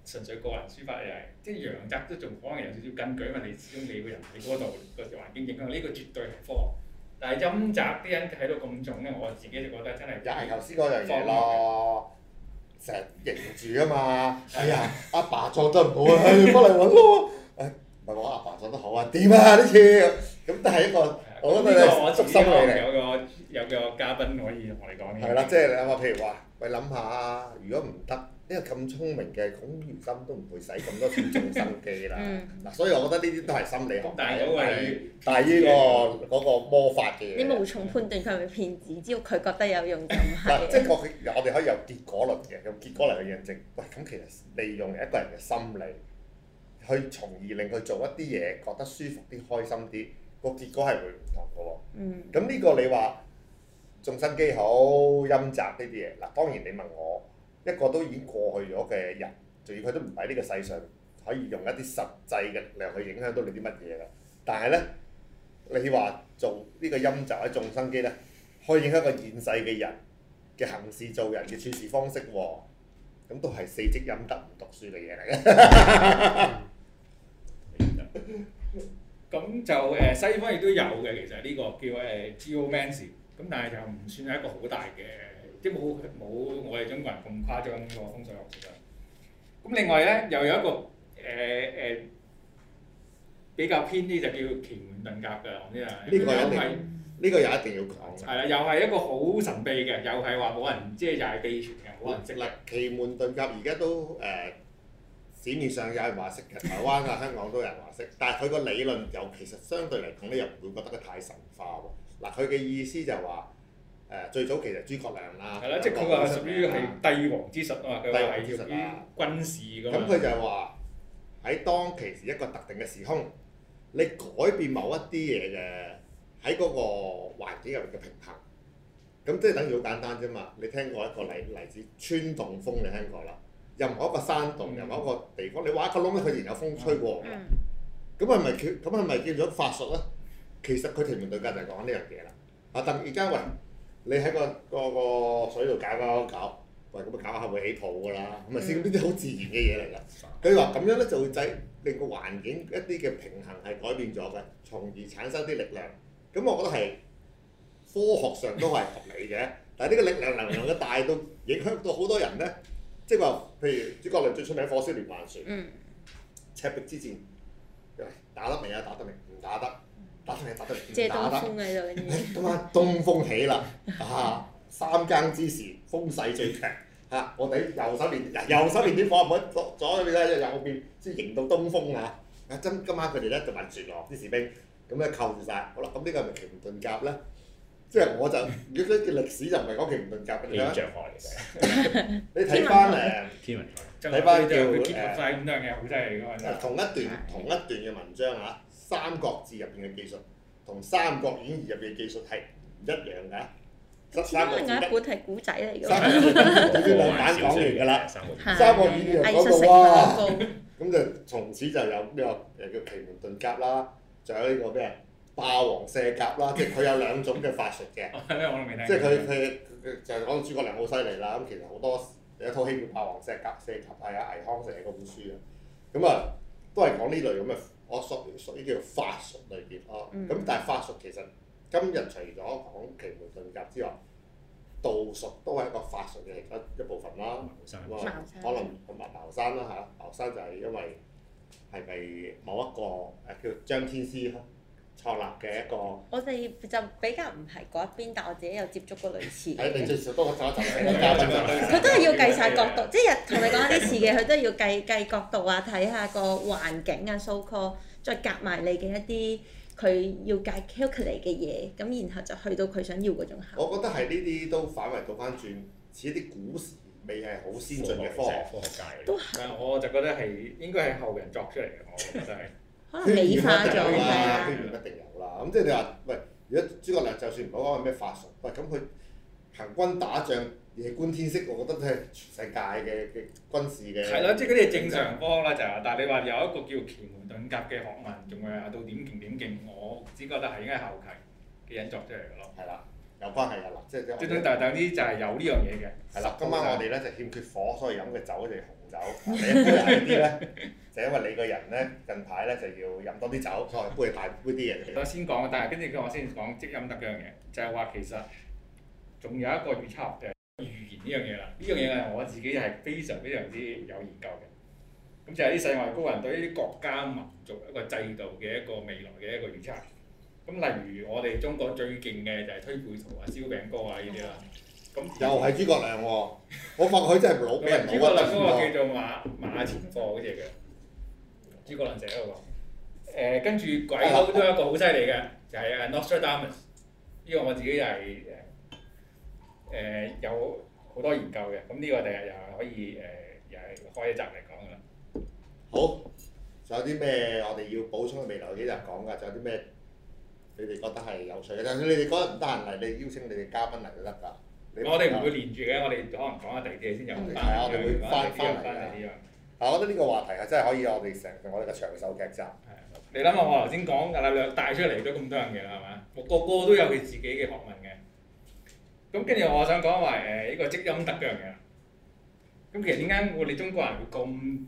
純粹個人抒發又係，即係陽宅都仲可能有少少根據，因為你始終你個人喺嗰度個環境影響，呢、這個絕對係科學。但係陰宅啲人睇到咁重咧，我自己就覺得真係又係頭先嗰樣嘢咯。成日贏住啊嘛，哎呀，阿 *laughs* 爸，爸做得唔好啊，去翻嚟揾咯。誒，唔係話阿爸做得好啊，點啊呢次，咁都係一個， *laughs* 我都覺得你我。玩熟心嘅。有個有個嘉賓可以同我哋講咧？係啦，即係你話譬如話，喂，諗下如果唔得。呢個咁聰明嘅龔如心都唔會使咁多錢種生基啦。嗱、 *laughs* 嗯，所以我覺得呢啲都係心理學，但係因為但係呢個嗰個魔法嘅嘢。你無從判斷佢係咪騙子，只要佢覺得有用 *laughs* 的就係。嗱，即係我哋可以有結果論嘅，有結果嚟去印證。喂，咁其實利用一個人嘅心理去從而令佢做一啲嘢，覺得舒服啲、開心啲，個結果係會唔同嘅喎。嗯。咁呢個你話種生基好陰宅呢啲嘢，嗱，當然你問我。一個都已經過去咗嘅人，仲要佢都唔喺呢個世上可以用一啲實際嘅量去影響到你啲乜嘢啦。但係咧，你話做呢個陰宅喺眾生機咧，可以影響一個現世嘅人嘅行事做人嘅處事方式喎。咁、哦、都係四積陰德唔讀書嘅嘢嚟嘅。咁就誒西方亦都有嘅，其實呢個叫誒 Geomancy 咁但係就唔算係一個好大嘅。即冇冇我哋中國人咁誇張個風水學嘅，咁另外咧又有一個誒誒、呃呃、比較偏啲就叫奇門遁甲㗎，呢個呢個又係呢個又一定要講嘅。係啦，又係一個好神秘嘅，又係話冇人即係又係秘傳嘅，冇人識。嗱，奇門遁甲而家都誒市、呃、面上有人話識嘅，台灣啊、香港都有人話識， *laughs* 但係佢個理論又其實相對嚟講咧，又唔會覺得佢太神化喎。嗱、呃，佢嘅意思就係話。誒，最早其實諸葛亮啦，係啦的，即係佢話屬於係帝王之術啊嘛，佢話係屬於軍事咁。咁佢就係話喺當其時一個特定嘅時空，你改變某一啲嘢嘅喺嗰個環境入邊嘅平衡。咁即係等於好簡單啫嘛。你聽過一個例例子，穿洞風你聽過啦？任何一個山洞，嗯、任何一個地方，你話一個窿咧，佢然有風吹過嘅，咁係咪叫咁係咪叫做法術咧？其實佢哋面對架就係講呢樣嘢啦。阿鄧，而家喂。你喺個個水度搞搞搞，喂咁啊搞下會起肚㗎啦，咁咪先呢啲好自然嘅嘢嚟㗎？佢話咁樣咧就會使令個環境一啲嘅平衡係改變咗嘅，從而產生啲力量。咁我覺得係科學上都係合理嘅， *laughs* 但係呢個力量能唔能夠大到影響到好多人咧，即係話譬如諸葛亮最出名火燒連環船，嗯、赤壁之戰，打得明啊？打得明，唔打，打得？把天氣打得亂打啦！今晚東風起啦，嚇三更之時風勢最強嚇。我哋右手邊嗱，右手邊點火唔好左左邊啦，即係右邊先迎到東風啊！啊，今今晚佢哋咧就混船螺啲士兵，咁咧扣住曬。好啦，咁呢個係咪奇門遁甲咧，即係我就如果叫歷史就唔係講奇門遁甲咁樣障礙嚟嘅。你睇翻誒，天文台睇翻佢叫結合曬咁多嘢，好犀利㗎嘛！同一段同一段嘅文章嚇。《三國志》入邊嘅技術同《三國演義》入邊嘅技術係唔一樣㗎，《三國演義》係古仔嚟，《三國演義》係兩版講完㗎啦，嗯，《三國演義、嗰個》又講到喎，咁就從此就有呢個誒叫奇門遁甲啦，仲有呢個咩《霸王卸甲》啦，即係佢有兩種嘅法術嘅， *laughs* 即係佢佢佢就講諸葛亮好犀利啦，咁其實好多有一套戲叫《霸王卸甲》，卸甲係阿倪匡寫嗰本書啊，咁啊都係講呢類咁嘅。我屬於屬於叫法術裏邊咯，咁、嗯、但係法術其實今日除咗講奇門遁甲之外，道術都係一個法術嘅一一部分啦。嗯、可能咁啊，茅山啦嚇，茅山，茅山就係因為係咪某一個誒叫張天師創立嘅一個，我哋就比較唔係嗰一邊，但我自己有接觸過類似。誒，你最少多過走一集。佢都係要計晒角度， *laughs* 即係同你講一啲事嘅，佢都要計計角度啊，睇下個環境啊，so call，再夾埋你嘅一啲佢要計 calculate 嘅嘢，咁然後就去到佢想要嗰種效果。我覺得係呢啲都反為倒翻轉，似一啲古時未係好先進嘅科學。科學界都係行，但係我就覺得係應該係後人作出嚟嘅，我覺得 *laughs* 虛擬一定有啦，一定有啦。咁即係你話，喂，如果諸葛亮就算唔講佢咩法術，喂咁佢行軍打仗、夜觀天色，我覺得都係全世界嘅嘅軍事嘅。係咯、啊，即係嗰啲正常科啦，就係。但係你話有一個叫奇門遁甲嘅學問咁樣，都點勁點勁？我只覺得係應該後期嘅人作出嚟嘅咯。係啦、啊，有關係㗎啦，即係即係，但等啲就係有呢樣嘢嘅。係啦、啊，今晚我哋咧就欠缺火，所以飲嘅酒就紅。 *laughs* 酒，第一杯啲咧，就係、因為你個人咧近排咧就要飲多啲酒，所以杯大杯啲嘢。 *laughs* 先我先講，但係跟住佢，我先講積陰德嘅樣嘢，就係、係、話其實仲有一個預測誒預言呢樣嘢啦。呢樣嘢係我自己係非常非常之有研究嘅。咁就係啲世外高人對呢啲國家民族一個制度嘅一個未來嘅一個預測。咁例如我哋中國最勁嘅就係推背圖啊、燒餅歌啊呢啲啦。又係諸葛亮喎、哦！ *laughs* 我發覺佢真係老俾人老骨咁葛亮嗰個叫做馬馬前課嗰隻嘅，諸、 *laughs* 哦、葛亮隻喎、那個。誒、呃，跟住鬼佬都有一個好犀利嘅，就係、是、啊 Nostradamus 呢個我自己又係誒誒有好多研究嘅。咁、嗯、呢、這個第日又係可以誒、呃，又係開一集嚟講噶啦。好，仲有啲咩我哋要補充未來幾集就講噶？仲有啲咩你哋覺得係有趣嘅？但係你哋覺得唔得閒嚟，你邀請你哋嘉賓嚟都得㗎。我哋唔會連住嘅，我哋可能講下第二啲嘢先，又翻嚟。係啊來，我哋會翻翻嚟啊。但係我覺得呢個話題係真係可以我，我哋成我哋嘅長壽劇集。係。你諗下，我頭先講阿阿亮帶出嚟都咁多人嘅啦，係咪？我個個都有佢自己嘅學問嘅。咁跟住我想講話誒，呢、呃這個積陰德嘅樣嘢啦。咁其實點解我哋中國人會咁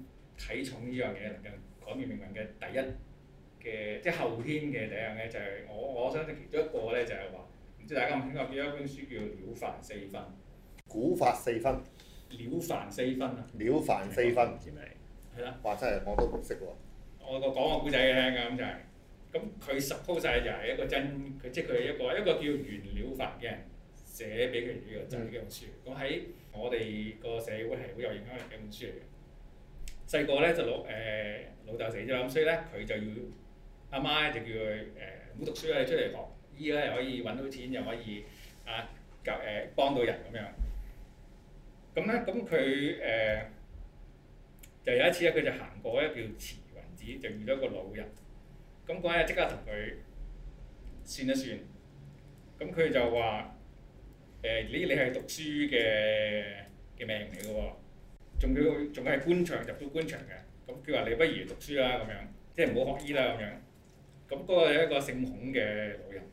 睇重呢樣嘢？能夠改變命運嘅第一嘅即係後天嘅第一樣嘢，就係、是、我我相信其中一個咧、就是，就係話。即知大家有冇聽過一本書叫做《了凡四訓」，古法四訓，「了凡四訓」，「啊，《了凡四訓」唔知咩？係啦，話真係我都唔識喎。我個講個古仔嘅聽㗎，咁就係咁佢十鋪曬就係一個真，佢即係佢係一個一個叫袁了凡嘅人寫俾佢呢一本真嘅本書。咁喺我哋個社會係好有影響力嘅本書嚟嘅。細個咧就老誒、就是、老竇死咗，咁、呃、所以咧佢就要阿媽，媽就叫佢誒唔好讀書啦，你出嚟學。醫咧係可以揾到錢，又可以啊，教誒、欸、幫到人咁樣。咁咧咁佢誒就有一次咧，佢就行過一個叫慈雲寺，就遇到一個老人。咁嗰日即刻同佢算一算，咁佢就話：誒、呃、呢，你係讀書嘅嘅命嚟嘅喎，仲要仲係官場入到官場嘅。咁佢話你不如讀書啦，咁樣即係唔好學醫啦，咁樣。咁嗰個有一個姓孔嘅老人。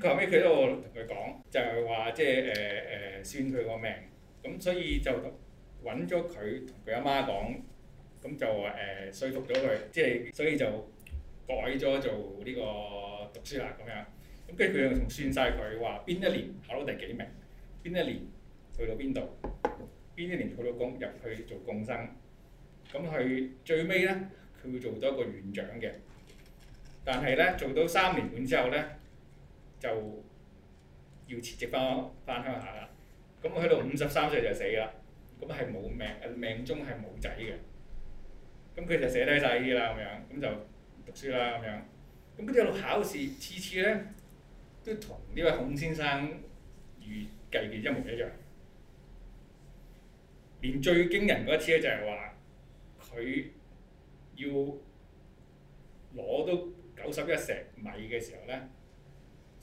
咁後尾佢都我同佢講，就係話即係誒誒，算佢個命咁、呃就是，所以就揾咗佢同佢阿媽講，咁就誒，催促咗佢，即係所以就改咗做呢個讀書啦咁樣。咁跟住佢又同算晒佢話邊一年考到第幾名，邊一年去到邊度，邊一年去到工入去做共生。咁佢最尾咧，佢會做到一個院長嘅，但係咧做到三年半之後咧。就要辭職翻翻鄉下啦，咁佢到五十三歲就死啦，咁係冇命，命中係冇仔嘅，咁佢就寫低晒啲啦咁樣，咁就讀書啦咁樣，咁跟住喺度考試次呢，次次咧都同呢位孔先生預計嘅一模一樣，連最驚人嗰一次咧就係話佢要攞到九十一石米嘅時候咧。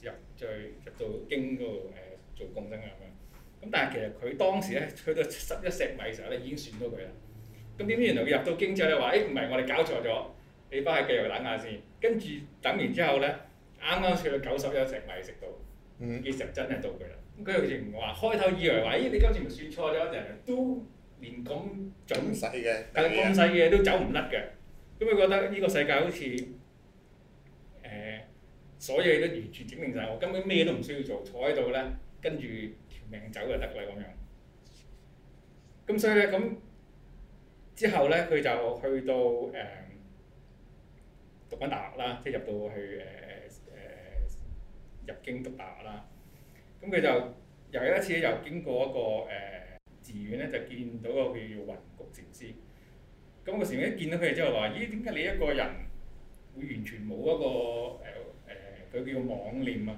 入再入到京嗰度誒做共生啊咁樣，咁、嗯、但係其實佢當時咧去到七十一石米嘅時候咧已經算到佢啦。咁點知原來佢入到京之後咧話：誒唔係我哋搞錯咗，你返去繼續等下先。跟住等完之後咧，啱啱去到九十一石米食到，嘅、嗯、時候真係到佢啦。咁佢仍然話：開頭以為話：誒、欸、你今次唔算錯咗就係都連咁準細嘅，但係咁細嘅都走唔甩嘅。咁佢覺得呢個世界好似誒。呃呃所以都完全整定晒，我根本咩都唔需要做，坐喺度咧，跟住條命走就得啦咁樣。咁所以咧，咁之後咧，佢就去到誒、呃、讀緊大學啦，即係入到去誒誒、呃呃、入京讀大學啦。咁佢就有一次咧，又經過一個誒、呃、寺院咧，就見到個叫做雲谷禪師。咁個禪師一見到佢哋之後話：咦，點解你一個人會完全冇一個誒？呃佢叫妄念啊，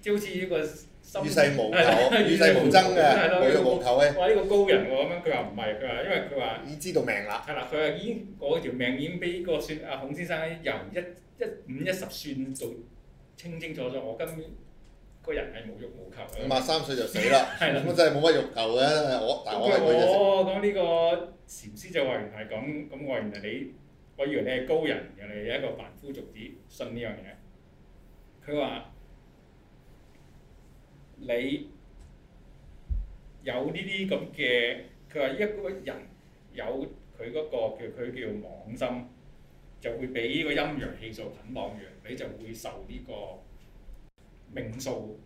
即好似呢個心係，與世無爭嘅無欲無求咧。哇！呢個高人喎咁樣。佢話唔係，佢話因為佢話已知道命啦。係啦，佢話已經嗰條命已經俾個算阿孔先生由一一五一十算到清清楚楚，我今個人係無欲無求。五十三歲就死啦，咁真係冇乜欲求嘅。我但我係講呢個禪師就話原係咁，咁我原來你，我以為你係高人，原來係一個凡夫俗子信呢樣嘢。佢話：你有呢啲咁嘅，佢話一個人有佢嗰、嗰個叫佢叫妄心，就會俾呢個陰陽氣數捆綁完，你就會受呢個命數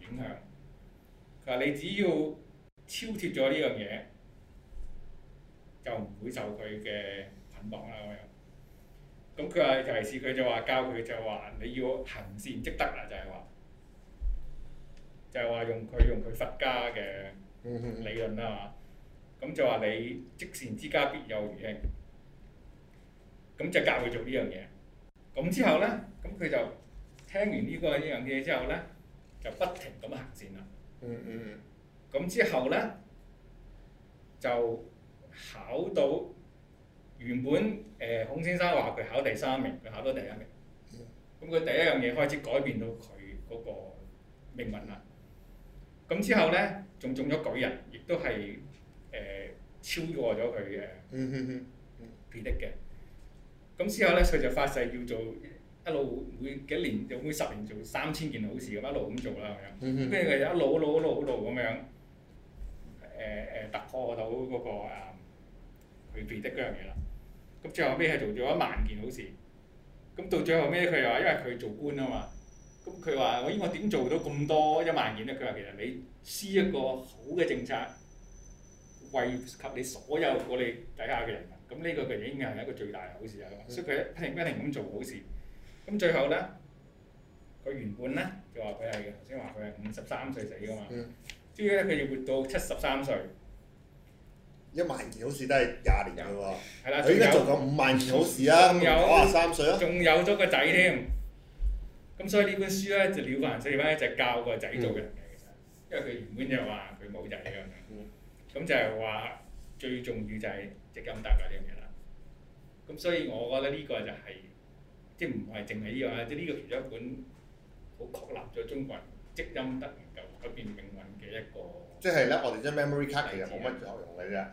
影響。佢話你只要超脫咗呢樣嘢，就唔會受佢嘅捆綁啦。咁佢係提示佢，就話教佢，就話你要行善積德啦，就係、是、話就係、是、話用佢用佢佛家嘅理論啦，咁、嗯嗯、就話你積善之家必有餘慶，咁就教佢做呢樣嘢。咁之後呢，咁佢就聽完呢個呢樣嘢之後呢，就不停咁行善啦。嗯咁、嗯、之後呢，就考到。原本誒孔先生話佢考第三名，佢考到第一名。咁佢第一樣嘢開始改變到佢嗰個命運啦。咁之後咧，仲中咗舉人，亦都係誒超過咗佢嘅貢力嘅。咁之後咧，佢就發誓要做一路每幾年又每十年做三千件好事，咁一路咁做啦，咁樣，跟住佢一路一路一路一路咁樣誒誒突破到嗰個誒佢貢的嗰樣嘢啦。咁最後尾係做咗一萬件好事，咁到最後尾，佢又話，因為佢做官啊嘛，咁佢話：我應該點做到咁多一萬件咧？佢話其實你施一個好嘅政策，惠及你所有我哋底下嘅人，咁呢個已經係一個最大嘅好事啊，所以佢一定不停咁做好事，咁最後咧，佢原本咧，就話佢係頭先話佢係五十三歲死噶嘛，之後咧佢要活到七十三歲。一萬件好事都係廿年㗎喎，佢而家做緊五萬件好事啦，九啊三歲啊，仲有咗個仔添，咁所以呢本書咧就《了凡四訓》咧就教個仔做人嚟嘅，其實，因為佢原本就話佢冇仔㗎嘛，咁就係話最重要就係積陰德嗰啲嘢啦，咁所以我覺得呢個就係即係唔係淨係呢個啊，即係呢個其中一本好確立咗中國人積陰德能夠改變命運嘅一個。即係咧，我哋張 memory 卡其實冇乜作用嘅啫，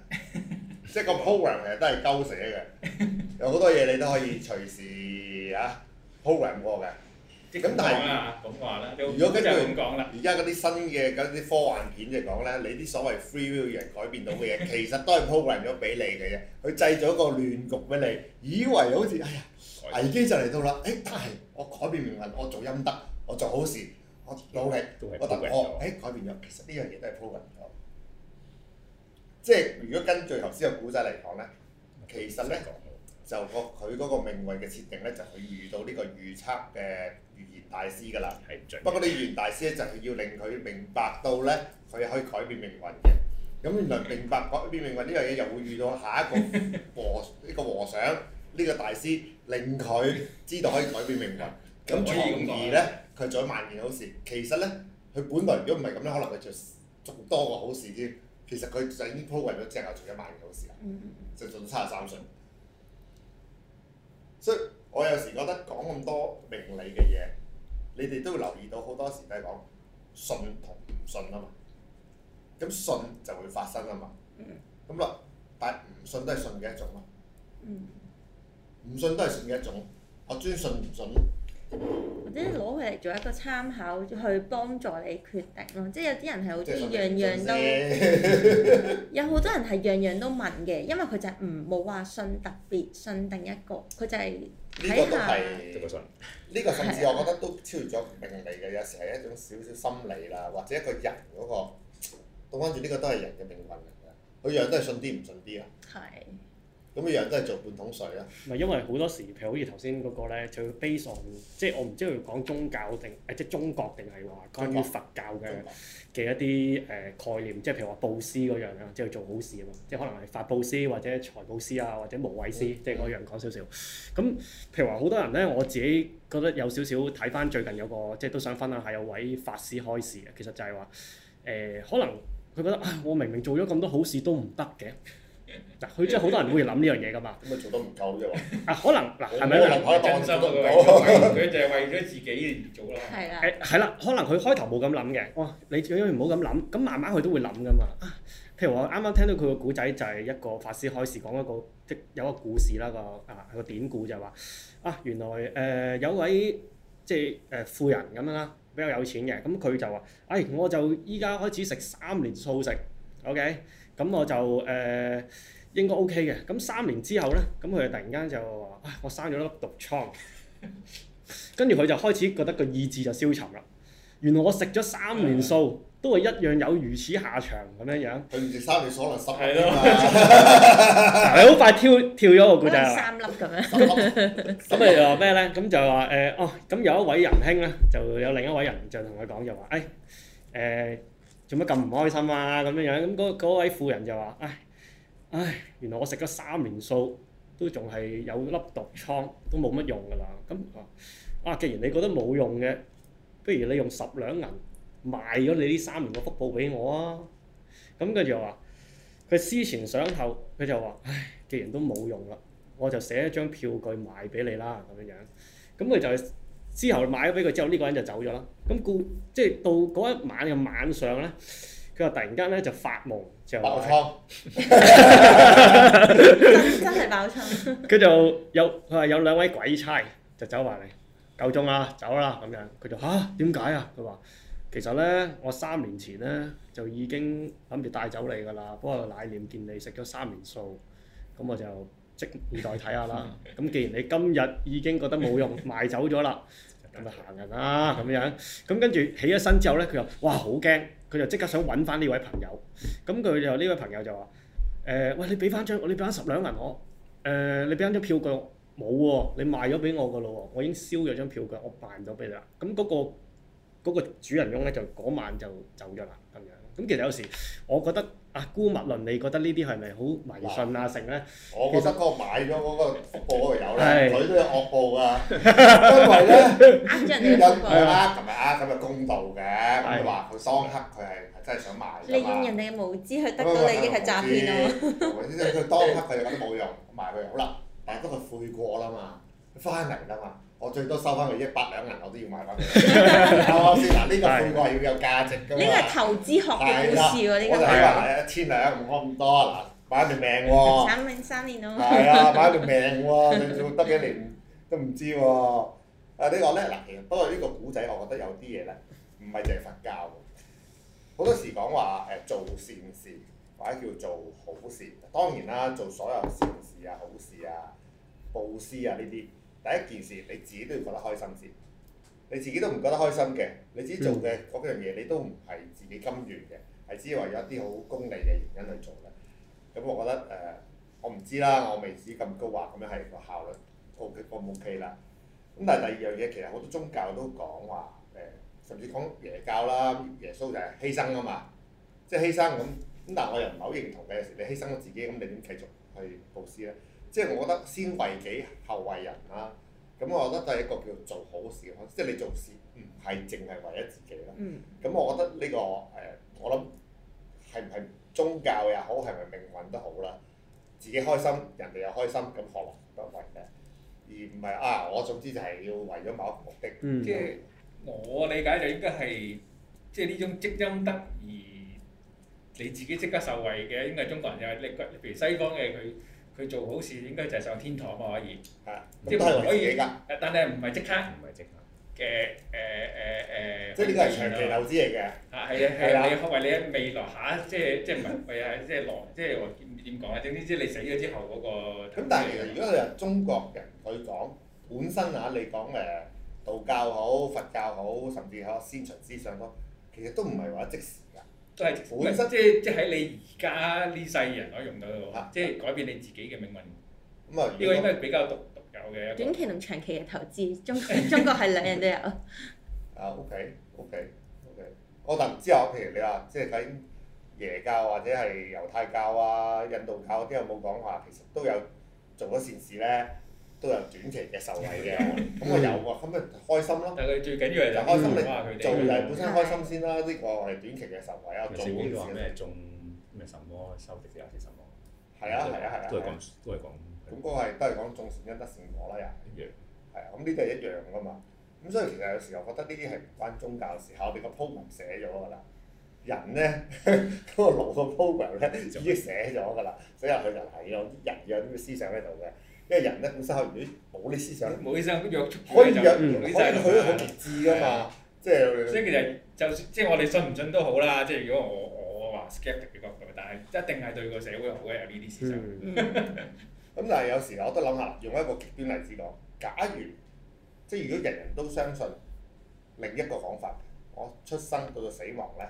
*laughs* 即係個 program 其實都係鳩寫嘅，有好多嘢你都可以隨時嚇、啊、program 過嘅。咁但係是，如果根據而家嗰啲新嘅嗰啲科幻片嚟講咧，你啲所謂 free will 人改變到嘅嘢， *laughs* 其實都係 program 咗俾你嘅啫，佢製咗個亂局俾你，以為好似哎呀危機就嚟到啦，誒但係我改變命運，我做陰德，我做好事。努力，我大學誒改變咗，其實呢樣嘢都係 proven 咗。即係如果根據頭先個古仔嚟講咧，其實咧就個佢嗰個命運嘅設定咧，就佢遇到呢個預測嘅預言大師噶啦。不，不過啲預言大師咧就係要令佢明白到咧，佢可以改變命運嘅。咁原來明白改變命運呢樣嘢，這個，又會遇到下一個和呢 *laughs* 個和尚呢，呢個大師，令佢知道可以改變命運。咁從而咧。佢做咗一萬件好事，其實咧，佢本來如果唔係咁咧，可能佢就做，做多個好事添。其實佢就已經鋪為咗之後做咗一萬件好事啦，即係、mm hmm. 做到三十三歲。所以我有時覺得講咁多命理嘅嘢，你哋都要留意到好多時都係講信同唔信啊嘛。咁信就會發生啊嘛。咁啦、mm hmm.，但係唔信都係信嘅一種咯。唔、mm hmm. 信都係信嘅一種，我專信唔信。或者攞佢嚟做一個參考去幫助你決定咯，即係有啲人係好中意樣樣都， *laughs* 有好多人係樣樣都問嘅，因為佢就係唔冇話信特別信定一個，佢就係睇下。呢個信？呢、這個甚至我覺得都超越咗命理嘅，啊、有時係一種少少心理啦，或者一個人嗰、那個，講翻轉呢個都係人嘅命運嚟嘅，佢樣都係信啲唔信啲啊。係。咁樣樣都係做半桶水啦。唔係因為好多時，譬如好似頭先嗰個咧，就悲喪，即係我唔知佢講宗教定誒，即係中國定係話關於佛教嘅嘅一啲誒概念，即係譬如話布施嗰樣啊，即係做好事啊嘛，即係可能係法布施或者財布施啊，或者無畏施，嗯、即係嗰樣講少少。咁譬如話好多人咧，我自己覺得有少少睇翻最近有個，即係都想分享下有位法師開示啊，其實就係話誒，可能佢覺得啊、哎，我明明做咗咁多好事都唔得嘅。嗱，佢真係好多人會諗呢樣嘢㗎嘛，咁佢做得唔夠啫喎。啊，可能嗱，係咪啊？佢 *laughs* 就係為咗自己而做咯。係啦。係啦，可能佢開頭冇咁諗嘅，哇、哦！你始終唔好咁諗，咁慢慢佢都會諗㗎嘛。譬、啊、如我啱啱聽到佢個古仔就係、是、一個法師開始講一個即有一個故事啦，個啊個典故就話啊，原來誒、呃、有位即係誒、呃、富人咁樣啦，比較有錢嘅，咁、嗯、佢就話：哎，我就依家開始食三年素食。OK。咁我就誒、呃、應該 OK 嘅。咁三年之後咧，咁佢就突然間就話：啊，我生咗粒毒瘡，跟住佢就開始覺得個意志就消沉啦。原來我食咗三年素， *laughs* 都係一樣有如此下場咁樣樣。佢食三年所能濕氣啦，你好快跳跳咗個故事啦。三粒咁樣。咁你又話咩咧？咁粒就話誒、呃、哦，咁有一位仁兄咧，就有另一位人就同佢講，就話誒誒。呃呃做乜咁唔開心啊？咁樣樣咁嗰位富人就話：唉，唉，原來我食咗三年素，都仲係有粒毒瘡，都冇乜用㗎啦。咁啊，啊，既然你覺得冇用嘅，不如你用十兩銀賣咗你呢三年個福報俾我啊！咁佢就話，佢思前想後，佢就話：唉，既然都冇用啦，我就寫一張票據賣俾你啦，咁樣樣。咁佢就。之後買咗俾佢之後，呢、這個人就走咗啦。咁故即係到嗰一晚嘅晚上咧，佢話突然間咧就發夢，就爆倉，真係爆倉。佢就有佢話有兩位鬼差就走埋嚟，夠鐘啦，走啦咁樣。佢就嚇，點解啊？佢話其實咧，我三年前咧就已經諗住帶走你噶啦，不過奶念見你食咗三年素，咁我就即而代睇下啦。咁 *laughs* 既然你今日已經覺得冇用賣走咗啦。 *laughs* *laughs* 咁行人啦、啊，咁樣，咁跟住起咗身之後咧，佢又哇好驚，佢就即刻想揾翻呢位朋友，咁佢就呢位朋友就話：，誒、呃，喂，你俾翻張，你俾翻十兩銀我，誒、呃，你俾翻張票據，冇喎、啊，你賣咗俾我㗎咯喎。我已經燒咗張票據，我辦咗俾你啦，咁、嗰、嗰、個嗰個主人翁咧就嗰晚就走咗啦。咁其實有時，我覺得啊，孤物論，你覺得呢啲係咪好迷信啊？成咧哇，其實嗰個買咗嗰個福報嗰個友咧，女都有惡報噶，因為咧，有啦， *laughs* 琴日啊，今日公道嘅，佢話佢當刻佢係係真係想買，你用 *laughs* 人哋嘅無知去得到利益係詐騙喎。因為佢當刻佢咁都冇用，賣佢好啦，但係都係悔過啦嘛，翻嚟啦嘛。我最多收翻佢一百兩銀，我都要買翻佢先。嗱，呢個股個係要有價值㗎呢 *laughs* 呢個係投資學嘅故事喎、啊。呢個我就話一千兩，唔好咁多。嗱，買條命喎、啊。 *laughs* 三年三年咯。係啊，買條命喎，你仲得幾年都唔知喎、啊。啊呢個、呢你話咧嗱，其實不過呢個古仔，我覺得有啲嘢咧，唔係淨係佛教。好多時講話誒做善事或者叫做好事，當然啦，做所有善事啊、好事啊、佈施啊呢啲。第一件事你自己都要覺得開心先，你自己都唔覺得開心嘅，你自己做嘅嗰樣嘢你都唔係自己甘願嘅，係只係為有啲好功利嘅原因去做嘅。咁、嗯、我覺得誒、呃，我唔知啦，我未至於咁高華咁樣係個效率 O K O 唔 O K 啦。咁、嗯、但係第二樣嘢其實好多宗教都講話誒，甚至講耶教啦，耶穌就係犧牲啊嘛，即係犧牲咁。咁但係我又唔係好認同嘅，你犧牲咗自己，咁你點繼續去布施咧？即係我覺得先為己後為人啦，咁我覺得第一個叫做好事，即係你做事唔係淨係為咗自己啦。咁我覺得呢、這個誒，我諗係唔係宗教又好，係咪命運都好啦，自己開心，人哋又開心，咁何樂不為嘅？而唔係啊！我總之就係要為咗某一個目的。嗯、即係我理解就應該係、就是、即係呢種積陰德而你自己即刻受惠嘅，應該係中國人嘅，你譬如西方嘅佢。佢做好事應該就係上天堂嘛，可以，呃呃呃、即係可以誒？但係唔係即刻，唔係即刻嘅誒誒誒，即係呢個係長期投資嚟嘅。嚇係啊係啊，為、啊、你、啊、 *laughs* 未來下，啊啊啊啊、 *laughs* 即係即係唔係為係即係來，即係我點講啊？總之即係你死咗之後嗰個。咁但係如果佢係中國人，佢講本身嚇你講誒道教好、佛教好，甚至係先秦思想其實都唔係話即時㗎。都係本身，即係即係喺你而家呢世人可以用到嘅喎，啊、即係改變你自己嘅命運。咁啊，呢個應該係比較獨獨有嘅短期同長期嘅投資。中國 *laughs* 中國係兩樣都有。啊，OK，OK，OK、okay, okay, okay。我就唔知啊，譬如你話，即係睇耶教或者係猶太教啊、印度教嗰啲有冇講話，其實都有做咗善事咧。都有短期嘅受惠嘅，咁我有喎，咁咪開心咯。但係佢最緊要係就開心，你做就本身開心先啦，呢個係短期嘅受惠啊。似乎話咩種咩什麼收直接係什麼？係啊係啊係啊！都係講都係講。咁嗰個都係講種善因得善果啦，又一樣係啊！咁呢啲係一樣噶嘛。咁所以其實有時候覺得呢啲係唔關宗教時候。我哋個 program 寫咗㗎啦。人咧都係攞個 program 咧已經寫咗㗎啦，所以佢就係有啲人有啲思想喺度嘅。因為人咧本身，如果冇啲思想，冇啲思想約束住就，可以約唔可以去得好極致噶嘛？即係，即係其實就即係我哋信唔信都好啦。即係如果我我我話 sceptic 嘅講法，但係一定係對個社會好嘅有呢啲思想。咁但係有時我都諗下，用一個極端例子講，假如即係如果人人都相信另一個講法，我出生到到死亡咧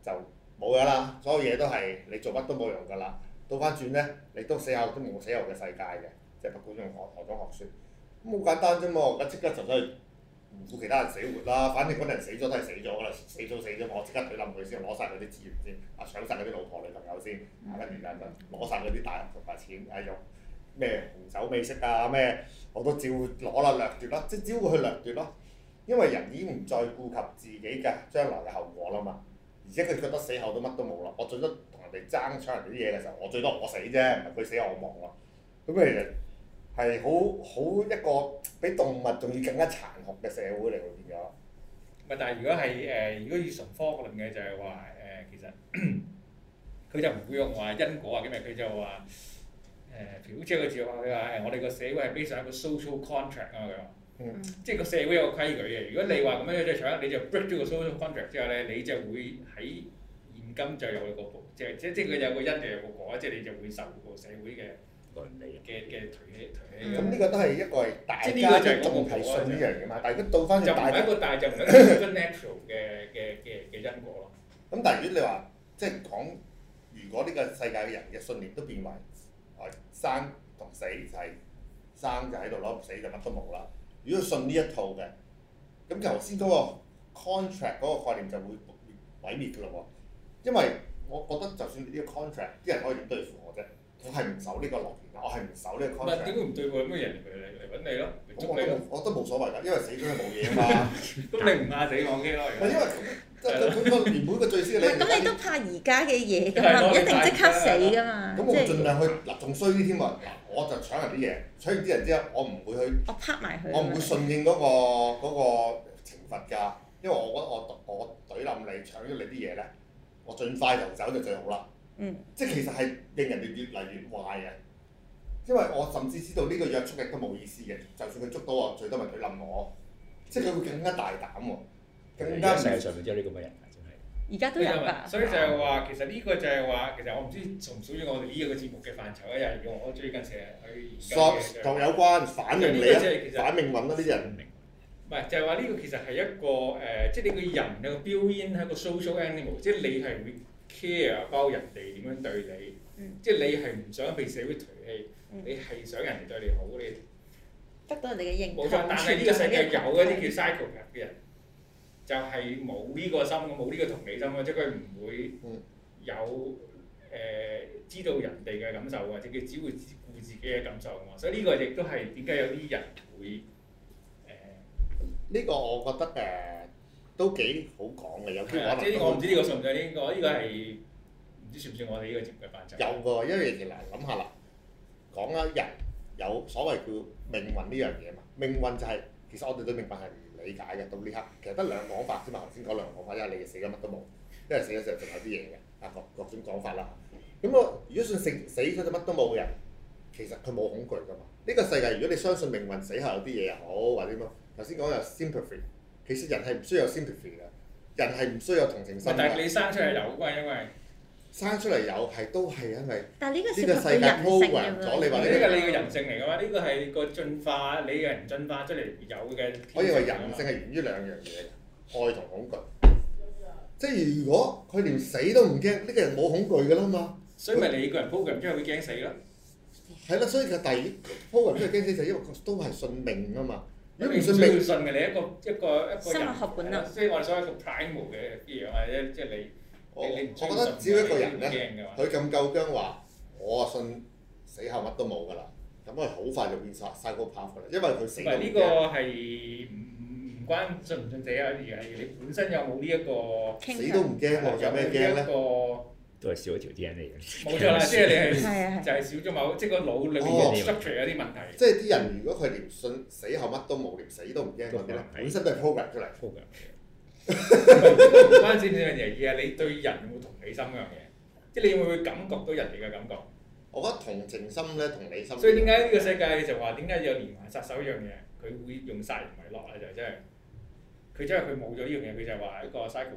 就冇㗎啦。所有嘢都係你做乜都冇用㗎啦。倒翻轉咧，你到死後都冇死後嘅世界嘅。即係不管用何何種學說，咁好簡單啫嘛！我咁即刻就走去唔顧其他人死活啦，反正嗰啲人死咗都係死咗噶啦，死咗死咗，我即刻推冧佢先，攞晒佢啲資源先，啊搶晒佢啲老婆女朋友先，啊跟住就攞晒佢啲大筆錢，啊用咩紅酒美食啊咩，我都照攞啦，掠奪啦，即係招佢去掠奪咯。因為人已經唔再顧及自己嘅將來嘅後果啦嘛，而且佢覺得死後都乜都冇啦。我最多同人哋爭搶人哋啲嘢嘅時候，我最多我死啫，唔係佢死我亡咯。咁佢其實～係好好一個比動物仲要更加殘酷嘅社會嚟喎變咗。咪但係如果係誒、呃，如果以純科學論嘅就係話誒，其實佢 *coughs* 就唔會用話因果啊啲咩，佢就話誒譬如佢話誒，我哋個社會係 based on 一個 social contract 啊佢話，即係個社會有一個規矩嘅。如果你話咁樣即係搶，你就 break 咗個 social contract 之後咧，你就會喺現今就有一個即係即即係佢有個因就有個果，即係你就會受個社會嘅。嘅嘅咁呢個都係一個係大家嘅總體信呢樣嘢嘛。就但如果倒翻大，大，就係一個大就唔 natural 嘅嘅嘅嘅因果咯。咁但係如果你話即係講，如果呢個世界嘅人嘅信念都變為啊生同死就係生，生就喺度咯，死就乜都冇啦。如果信呢一套嘅，咁頭先嗰個 contract 嗰個概念就會毀滅㗎喇喎。因為我覺得就算你呢個 contract，啲人，人可以點對付我啫？我係唔守呢個諾言，我係唔守呢個 contract 唔係點解唔對付？有咩人嚟嚟嚟搵你咯？咁我都冇所謂㗎，因為死咗係冇嘢啊嘛。咁你唔嗌死我幾耐？因為即係本初原本個最先你。咁你都怕而家嘅嘢，咁啊唔一定即刻死㗎嘛。咁我盡量去嗱，仲衰啲添啊！嗱，我就搶人啲嘢，搶完啲人之後，我唔會去。我拍埋佢。我唔會順應嗰個嗰個懲罰㗎，因為我覺得我我懟冧你，搶咗你啲嘢咧，我盡快逃走就最好啦。嗯，即係其實係令人哋越嚟越壞啊！因為我甚至知道呢個約束亦都冇意思嘅，就算佢捉到我，最多咪佢冧我，即係佢會更加大膽喎。更加世上有呢咁嘅人啊，真係。而家都有啊。所以就係話，嗯、其實呢個就係話，其實我唔知屬唔屬於我哋呢個嘅節目嘅範疇一樣又用我最近成日去、就是。索、so、同有關，反命嚟啊！反命運啦，呢啲人。唔明，唔係就係話呢個其實係一個誒、呃，即係你個人有個標籤係一個 social animal，即係你係會，care 包括人哋點樣對你，嗯、即係你係唔想被社會遺棄，嗯、你係想人哋對你好。你得到人哋嘅認同，但係呢個世界有一啲叫 cycle 人嘅人，就係冇呢個心，冇呢個同理心，即係佢唔會有誒、嗯呃、知道人哋嘅感受，或者佢只會只顧自己嘅感受啊嘛。所以呢個亦都係點解有啲人會誒？呢、呃、個我覺得誒。呃都幾好講嘅，有啲可能。我唔知呢個信唔信呢個？呢個係唔知算唔算我哋呢個節目範疇？有喎，因為其實諗下啦，講啊人有所謂叫命運呢樣嘢嘛。命運就係，其實我哋對命運係唔理解嘅。到呢刻其實得兩講法先嘛。頭先講兩講法，因為你死咗乜都冇，因為死咗時候仲有啲嘢嘅。啊，各各種講法啦。咁我如果算死咗就乜都冇嘅人，其實佢冇恐懼噶嘛。呢個世界如果你相信命運，死後有啲嘢又好，或者乜頭先講有 sympathy。其實人係唔需要有 sympathy 嘅，人係唔需要有同情心，但係你生出嚟有嘅，因為生出嚟有係都係因為。但呢個呢個世界 program 咗，你話呢個你嘅人性嚟嘅嘛？呢個係個進化， *music* 你個人進化出嚟有嘅。我認為人性係源於兩樣嘢，愛同 *music* 恐懼。即係如果佢連死都唔驚，呢、嗯、個人冇恐懼嘅啦嘛。所以咪你個人 program 之後會驚死咯。係啦，所以佢第 program 之後驚死就因為都係信命啊嘛。你唔信你要信嘅，你一個一個一個人生物學本能啊，即所以我哋所謂一個 primal 嘅啲樣啊，即即你我你你唔相信就驚嘅嘛。佢咁夠薑話，我啊信死後乜都冇㗎啦，咁佢好快就變曬曬個泡㗎啦，因為佢死都唔驚。唔係呢個係唔唔關信唔信呢一樣，而係你本身有冇呢一個 King 死都唔驚啊？我有咩驚咧？有都係少一條 d 人嚟嘅，冇錯啦，即係你係就係少咗某， *laughs* 即個腦裏邊 function 有啲問題。即係啲人如果佢連信死後乜都冇，連死都唔驚，問題本身都係 program 出嚟 program 嘅。唔正呢樣嘢，而係你對人有冇同理心嗰樣嘢，即係你會唔會感覺到人哋嘅感覺？我覺得同情心咧，同理心。所以點解呢個世界就話點解有連環殺手一樣嘢？佢會用殺人為樂咧，就真、是、係。佢即係佢冇咗呢樣嘢，佢就係話一個 psycho。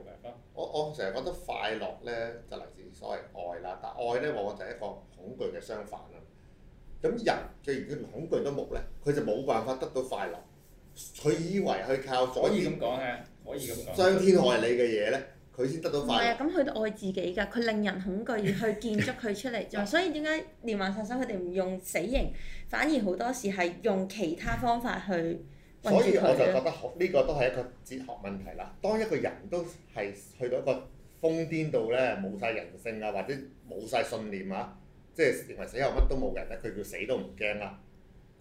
我我成日覺得快樂咧，就嚟自所謂愛啦。但愛咧往往就係一個恐懼嘅相反啊。咁人既然佢恐懼都冇咧，佢就冇辦法得到快樂。佢以為去靠所以咁講嘅，可以咁講傷天害理嘅嘢咧，佢先得到快樂。咁佢、啊、都愛自己㗎，佢令人恐懼而去建築佢出嚟， *laughs* 所以點解連環殺手佢哋唔用死刑，反而好多時係用其他方法去。所以我就覺得好呢個都係一個哲學問題啦。當一個人都係去到一個瘋癲度咧，冇晒人性啊，或者冇晒信念啊，即係認為死後乜都冇人嘅、啊，佢叫死都唔驚啦。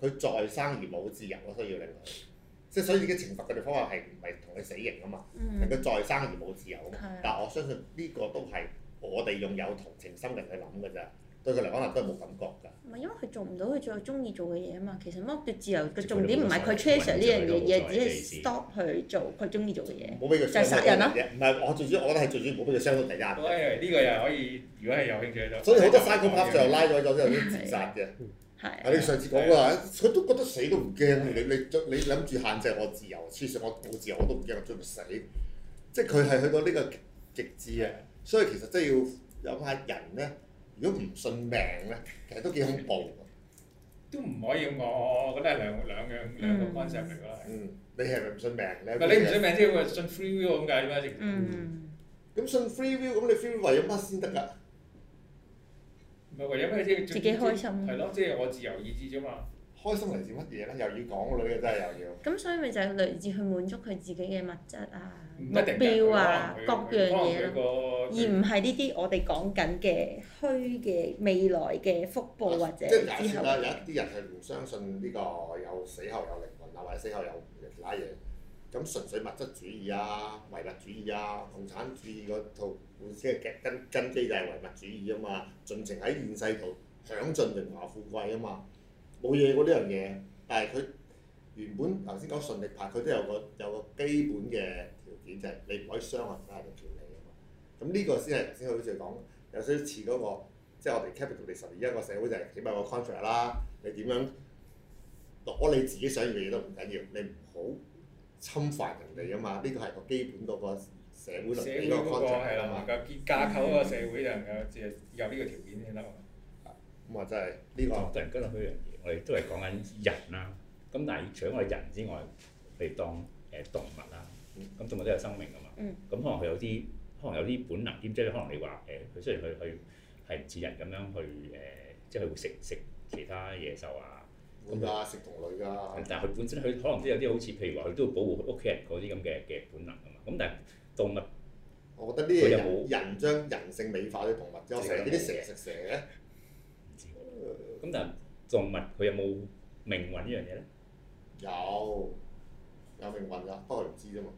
佢再生而冇自由咯，需要令佢。即係所以嘅懲罰嘅方法係唔係同佢死刑啊嘛？佢再、嗯、生而冇自由。的但係我相信呢個都係我哋用有同情心嚟去諗嘅咋。對佢嚟講，可能都係冇感覺㗎。唔係因為佢做唔到佢最中意做嘅嘢啊嘛，其實剝奪自由嘅重點唔係佢 chaser 呢樣嘢，只係 stop 去做佢中意做嘅嘢。冇俾佢，就殺人咯。唔係，我最主要，我覺得係最主要冇俾佢傷到第一，呢、嗯、個又可以，如果係有興趣所以好多三級拍就拉咗咗之後自、嗯、殺嘅。係、啊。你上次講啦，佢、啊、都覺得死都唔驚。你你你諗住限制我自由，黐線！我冇自由我都唔驚，我追到死。即係佢係去到呢個極致啊！所以其實真係要有下人咧。如果唔信命咧，其實都幾恐怖、嗯、都唔可以，我覺得係兩兩樣兩個 concept 嚟噶。嗯。你係咪唔信命？你唔信命，信命即係信 free will 咁解啊嘛？即嗯。咁、嗯、信 free will，咁你 free will 為咗乜先得㗎？咪為咗咩？即係？自己開心。係咯，即、就、係、是、我自由意志啫嘛。開心嚟自乜嘢咧？又要講女嘅，真係又要。咁所以咪就係嚟自去滿足佢自己嘅物質啊，目標啊吧各樣嘢、啊、吧而唔係呢啲我哋講緊嘅虛嘅未來嘅福報或者之後啦、啊。有一啲人係唔相信呢個有死後有靈魂啊，或者死後有其他嘢。咁純粹物質主義啊，唯物主義啊，共產主義個套即係根根基就係唯物主義啊嘛，盡情喺現世度享盡榮華富貴啊嘛。冇嘢過呢樣嘢，但係佢原本頭先講順力拍，佢都有個有個基本嘅條件，就係、是、你唔可以傷害人哋嘅權利啊嘛。咁呢個先係頭先好似講有少似嗰個，即、就、係、是、我哋 capital 嚟十二一個社會就係起碼個 contract 啦。你點樣攞你自己想要嘅嘢都唔緊要，你唔好侵犯人哋啊嘛。呢個係個基本嗰個社會倫理個 contract。係能夠架構一個社會能夠有呢個條件先得啊。咁啊真係呢個真係跟落去樣嘢。我哋都係講緊人啦，咁但係除咗我哋人之外，譬如當誒動物啦，咁動物都有生命噶嘛，咁、嗯、可能佢有啲，可能有啲本能添，即、就、係、是、可能你話誒，佢、呃、雖然佢佢係唔似人咁樣去誒、呃，即係會食食其他野獸啊，冇錯、啊，嗯、食同類㗎。但係佢本身佢可能都有啲好似，譬如話佢都會保護屋企人嗰啲咁嘅嘅本能啊嘛。咁但係動物，我覺得呢啲冇人將人性美化咗動物之後，成日見啲蛇食蛇。嘅、嗯。咁但係。動物佢有冇命運呢樣嘢咧？有，有命運㗎，不過唔知啫嘛。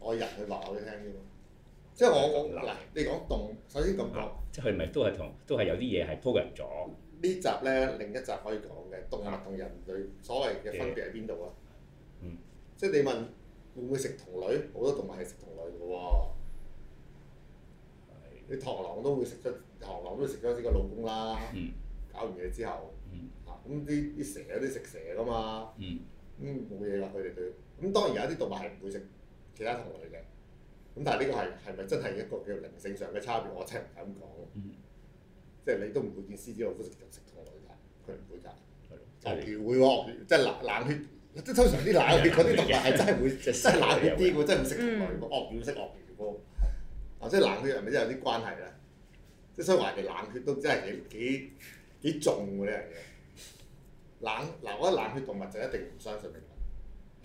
我 *laughs* 人去話俾你聽啫嘛。即係我嗱、啊，你講動，首先講動、啊。即係佢咪都係同，都係有啲嘢係鋪人咗。集呢集咧，另一集可以講嘅動物同人類所謂嘅分別喺邊度啊？嗯。即係你問會唔會食同類？好多動物係食同類㗎喎。的你螳螂都會食咗螳螂都會食咗自己嘅老公啦。嗯。搞完嘢之後，嚇咁啲啲蛇嗰啲食蛇噶嘛，咁冇嘢噶佢哋對。咁當然有啲動物係唔會食其他同類嘅，咁但係呢個係係咪真係一個叫做靈性上嘅差別？我真係唔敢講。即係你都唔會見獅子老虎食食同類㗎，佢唔會㗎。鱷魚會喎，即係冷冷血，即係通常啲冷血嗰啲動物係真係會真係冷血啲㗎，真係唔食同類㗎。鱷魚食鱷魚啊！即係冷血係咪真係有啲關係啊？即係所以話，其實冷血都真係幾幾。幾重喎呢樣嘢？冷嗱，嗰冷血動物就一定唔相信命運，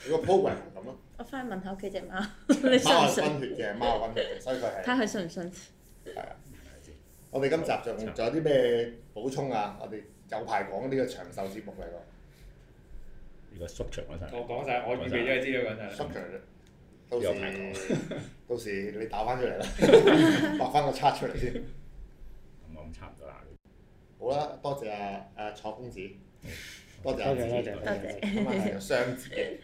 你個鋪位係咁咯。我翻去問下屋企隻貓，你信唔信？貓係分血嘅，貓分血，所以佢係。睇佢信唔信？係啊，我哋今集仲仲有啲咩補充啊？我哋有排講呢個長壽節目嚟㗎。呢個縮長嗰陣。我講晒，我預備咗資料緊陣。縮長，到時你打翻出嚟啦，劃翻個叉出嚟先。咁我咁差唔多啦。好啦，多謝啊阿、啊、楚公子，多謝阿楚公子，多謝。今日係有雙子嘅。